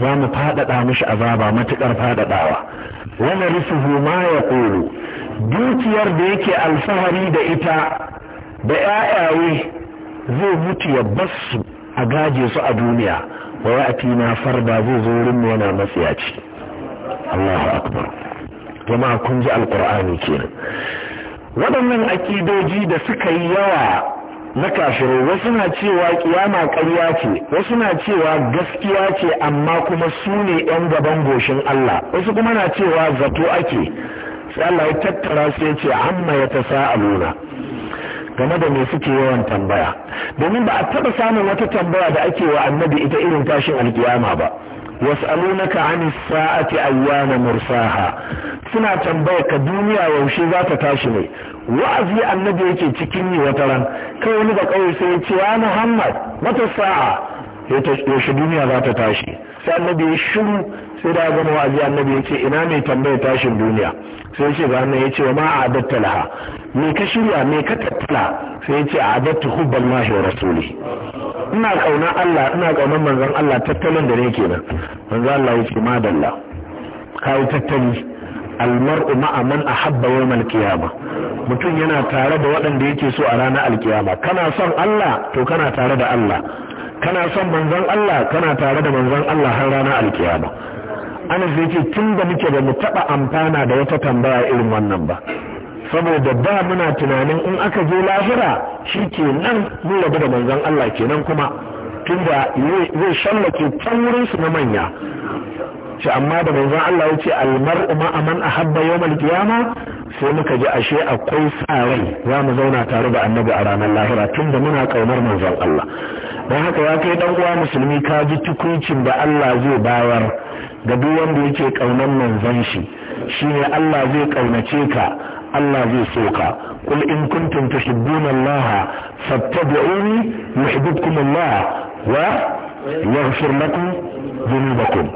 za mu faɗaɗa mishi azaba matuƙar faɗaɗawa Wannan risuhu ma ya ƙoro dukiyar da yake alfahari da ita da yayaye zai mutu ya basu a gaje su a duniya wa ya'ti na farda zai zo wurin mu yana matsiyaci Allahu akbar jama'a kun ji alqur'ani kenan waɗannan akidoji da suka yi yawa na kafiru wasu na cewa kiyama ƙarya ce wasu na cewa gaskiya ce amma kuma su ne 'yan gaban goshin Allah wasu kuma na cewa zato ake sai Allah ya tattara su ya ce amma ya ta sa'aluna game da me suke yawan tambaya domin ba a taɓa samun wata tambaya da ake wa annabi ita irin tashin alkiyama ba yas'alunaka 'anis sa'ati ayyana mursaha suna tambaya ka duniya yaushe za ta tashi ne wa'azi annabi yake cikin yi wata ran kai wani ba kawai sai cewa ce ya Muhammad wata sa'a yaushe duniya za ta tashi sai annabi ya shiru sai da gama wa'azi annabi ya ce ina mai tambayar tashin duniya sai ce ga ya ce wa ma a adatta laha me ka shirya me ka tattala sai ya ce a adatta hubbal mahi wa rasuli ina kauna Allah ina kaunar manzon Allah tattalin da ne nan manzon Allah ya ce madalla kai tattali almar'u ma'a man ahabba yawmal qiyamah mutum yana tare da waɗanda yake so a ranar alkiyama kana son Allah to kana tare da Allah kana son manzon Allah kana tare da manzon Allah har ranar alkiyama anas zai ce tun da muke ba mu taɓa amfana da wata tambaya irin wannan ba saboda da muna tunanin in aka je lahira shi ke nan mun da manzon Allah kenan kuma tun da zai shallake can wurin su na manya ce amma da manzon Allah ya ce almar'u ma'a man ahabba yawmal qiyama sai muka ji ashe akwai sa rai za mu zauna tare da annabi a ranar lahira tun da muna kaunar manzon Allah don haka ya kai dan uwa musulmi ka ji tukuncin da Allah zai bayar ga duk wanda yake kaunan manzon shi shine Allah zai kaunace ka Allah zai so ka kul in kuntum tuhibbuna Allah fattabi'uni yuhibbukum Allah wa yaghfir lakum dhunubakum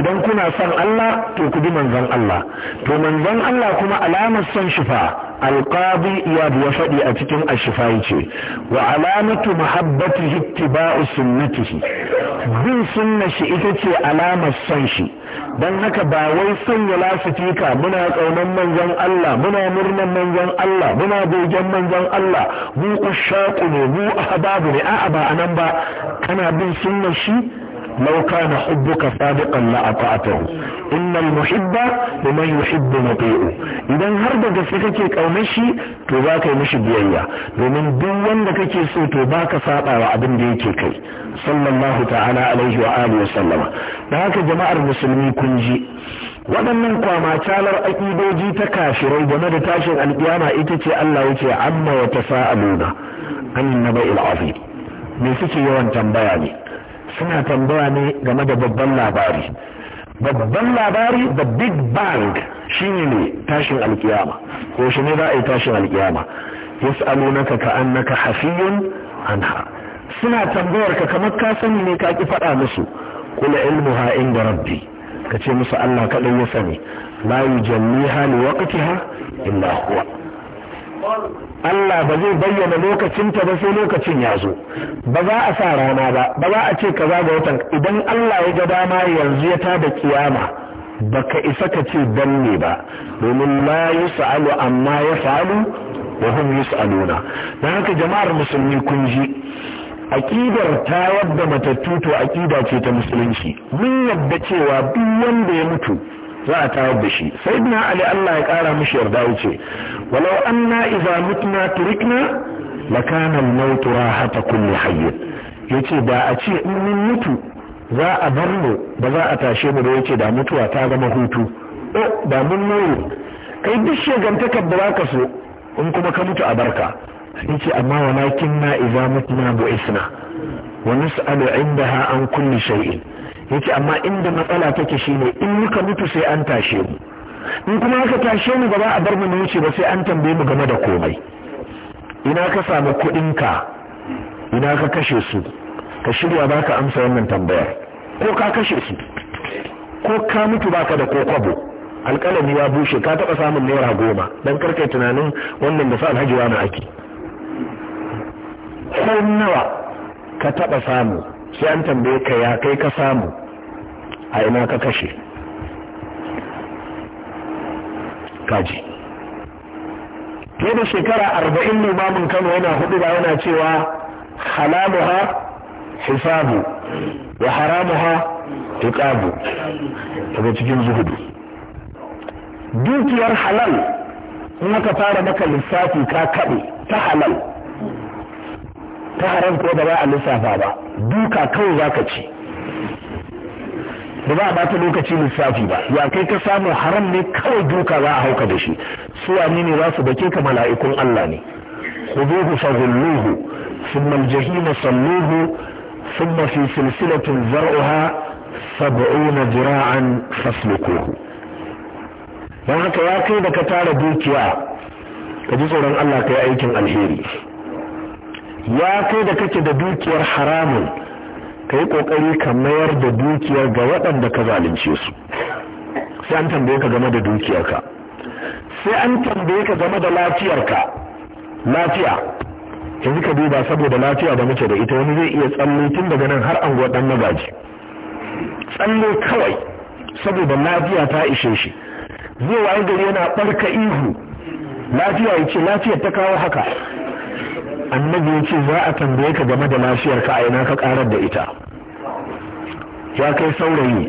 idan kuna son Allah to ku bi manzon Allah to manzon Allah kuma alamar son shi fa alqadi iya ya faɗi a cikin ashifai ce wa alamatu mahabbatihi ittiba'u sunnatihi bin sunna shi ita ce alamar son shi don haka ba wai sanya lasifika muna tsaunin manzon Allah muna murnan manzon Allah muna gogen manzon Allah mu ushaku ne mu ahbabu ne a'a ba anan ba kana bin sunnar shi لو كان حبك صادقا لأطعته إن المحب لمن يحب مطيع إذا هرب جسدك أو مشي تباك مشي بيئة ومن دون لك سو تباك ساقا وعبن ديكي صلى الله تعالى عليه وآله وسلم لهذا جماعة المسلمين كنجي waɗannan kwamatalar aƙidoji ta kafirai game da tashin alƙiyama ita ce Allah ya ce amma wa tafa'aluna an naba'il azim me suke yawan tambaya ne suna tambaya ne game da babban labari babban labari da big bang shine ne tashin alkiyama ko shi ne za a yi tashin alkiyama yas'alunaka ka'annaka hafiyun anha suna tambayar ka kamar ka sani ne ka ki faɗa musu kula ilmu ha inda rabbi ka ce musu Allah kaɗai ya sani la yujalliha liwaqtiha illa huwa Allah ba zai bayyana lokacinta ba sai lokacin ya zo ba za a sa rana ba ba za a ce kaza ga watan idan Allah ya ga dama yanzu ya tada kiyama baka isa ka ce dan ne ba domin la yus'alu amma yaf'alu wa hum yus'aluna dan haka jama'ar musulmi kun ji aƙidar ta wadda matattu to aƙida ce ta musulunci mun yadda cewa duk wanda ya mutu za a tawar da shi sai na ali Allah ya kara mishi yarda yace walau na idza mutna turikna lakana al-maut rahata kulli ya yace da a ce in mun mutu za a bar mu ba za a tashe mu da yace da mutuwa ta zama hutu oh da mun mutu kai duk shegantakar da ka so in kuma ka mutu a barka yace amma walakin na idza mutna bu'isna wa nas'alu indaha an kulli shay'in yace amma inda matsala take shine in muka mutu sai an tashe mu in kuma aka tashe mu ba za a bar mu wuce ba sai an tambaye mu game da komai ina ka samu kuɗinka ina ka kashe su ka shirya baka amsa wannan tambayar ko ka kashe su ko ka mutu baka da ko kwabo alƙalami ya bushe ka taɓa samun naira goma don karkai tunanin wannan da sa alhaji wani ake ko nawa ka taɓa samu sai an tambaye ka ya kai ka samu a ina ka kashe kaji ke da shekara arba'in limamin kano yana hudu ba yana cewa ha hisabu wa ha iqabu daga cikin zuhudu dukiyar halal in aka fara maka lissafi ka kaɗe ta halal ta haram ko da ba a lissafa ba duka kawai za ka ci ba za a bata lokaci lissafi ba ya kai ka samu haram ne kawai duka za a hauka da shi su wani ne za su bake ka mala'ikun Allah ne khuduhu fa ghulluhu thumma al jahim salluhu thumma fi silsilatin zar'uha 70 jira'an fasluquhu dan haka ya kai da ka tara dukiya ka ji tsoron Allah kai aikin alheri ya kai da kake da dukiyar haramun ka yi ƙoƙari ka mayar da dukiyar ga waɗanda ka zalunce su sai an tambaye ka game da dukiyarka sai an tambaye ka game da lafiyarka lafiya yanzu ka duba saboda lafiya da muke da ita wani zai iya tsalle tun daga nan har an ɗan magaji tsalle kawai saboda lafiya ta ishe shi zai wayi gari yana ɓarka ihu lafiya ya lafiyar ta kawo haka annabi ya ce za a tambaye ka game da lafiyar ka a ina ka karar da ita ya kai saurayi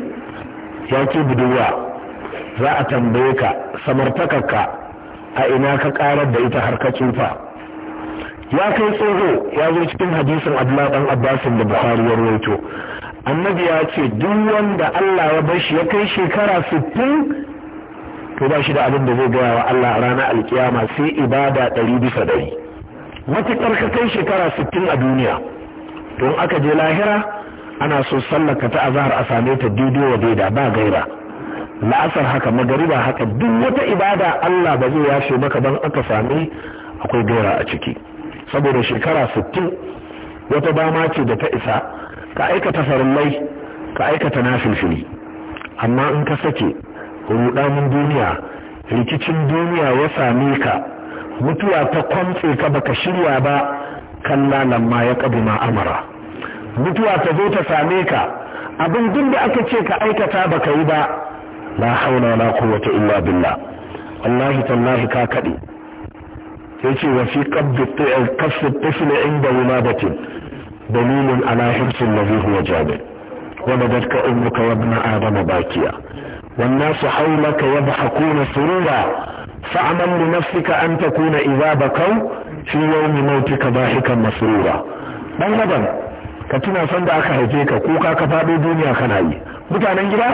ya ke budurwa za a tambaye ka samartakarka a ina ka karar da ita har ka tsufa ya kai tsoho ya zo cikin hadisin abdullahi dan abbasin da buhari ya rawaito annabi ya ce duk wanda allah ya bar shi ya kai shekara sittin to ba shi da abin da zai gaya wa allah a ranar alkiyama sai ibada ɗari bisa ɗari matuƙar ka kai shekara sittin a duniya don aka je lahira ana so sallaka ta azahar a same ta daidai wa daida ba gaira la'asar haka magariba haka duk wata ibada Allah ba zai yashe maka ban aka same akwai gaira a ciki saboda shekara sittin wata dama ce da ta isa ka aikata farmai ka aikata nafilfili amma in ka sake rudanin duniya rikicin duniya ya same ka mutuwa ta kwamtse ka baka shirya ba kalla lamma ya kabi ma amara mutuwa ta zo ta same ka abin duk da aka ce ka aikata baka yi ba la haula la quwwata illa billah wallahi tallahi ka kade yace wa fi qabdi qasd at-tifl inda wuladatin dalilun ala hirsi alladhi huwa jabir ولدتك أمك وابن hau باكيا والناس حولك يضحكون سرورا fa'amal li nafsika an ta kuna shi idza bakau fi yawmi mautika bahikan masurura. ɗan gaban ka tuna son da aka haife ka kuka ka faɗo duniya kana yi mutanen gida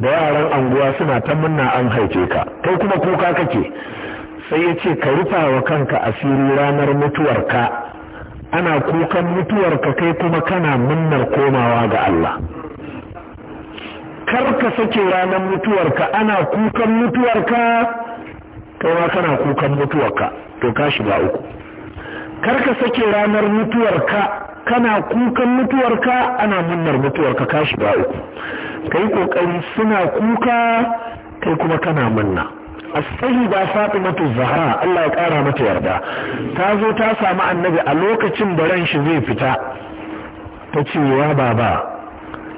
da yaran anguwa suna ta munna an haife ka kai kuma kuka kake sai ya ce ka rufa wa kanka asiri ranar mutuwarka ana kukan mutuwarka kai kuma kana munnar komawa ga Allah kar ka sake ranar mutuwarka ana kukan mutuwarka kai ma kana kukan mutuwarka to ka shiga uku kar sake ranar mutuwarka kana kukan mutuwarka ana munnar mutuwarka ka shiga uku kai kokari suna kuka kai kuma kana munna ba sayyida fatimatu zahra Allah ya kara mata yarda ta zo ta samu annabi a lokacin da ran shi zai fita ta ce wa baba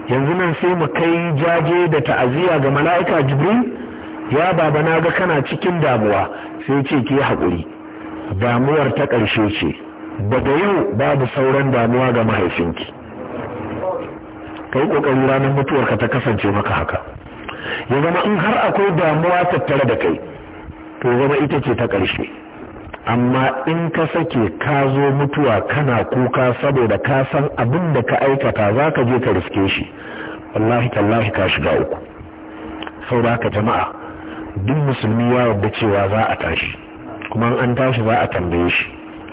yanzu nan sai mu kai jaje da ta'aziyya ga mala'ika jibril ya baba na ga kana cikin damuwa sai ce ki haƙuri damuwar ta ƙarshe ce daga yau babu sauran damuwa ga mahaifinki kai ƙoƙari ranar mutuwarka ta kasance maka haka ya zama in har akwai damuwa tattare da kai to zama ita ce ta ƙarshe amma in ka sake ka zo mutuwa kana kuka saboda ka san abin da ka aikata za ka je ka riske shi wallahi tallahi ka shiga uku Sau da ka jama'a duk musulmi ya wadda cewa za a tashi kuma an tashi za a tambaye shi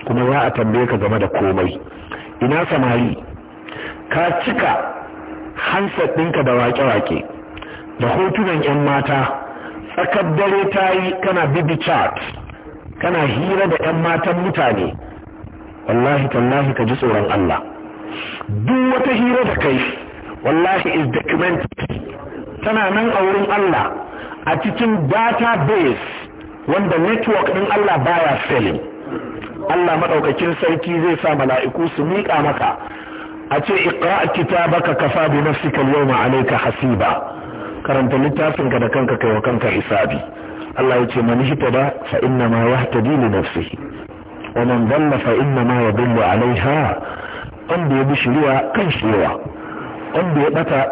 kuma za a tambaye ka game da komai ina samari ka cika hansar ɗinka da wake-wake da hotunan 'yan mata tsakar dare ta yi kana bibi chat kana hira da 'yan matan mutane wallahi tallahi ka ji tsoron Allah duk wata hira da kai wallahi is documented tana nan a wurin Allah a cikin database wanda network ɗin Allah baya selling Allah maɗaukakin sarki zai sa mala'iku su miƙa maka a ce iqra kitabaka kafa bi nafsika yau yawma alayka hasiba karanta littafinka da kanka kai wa kanka hisabi Allah yace man hitada fa inna ma yahtadi li nafsihi wa man dhalla fa inna ma yadullu alaiha wanda ya bi shiriya kan shiriya wanda ya bata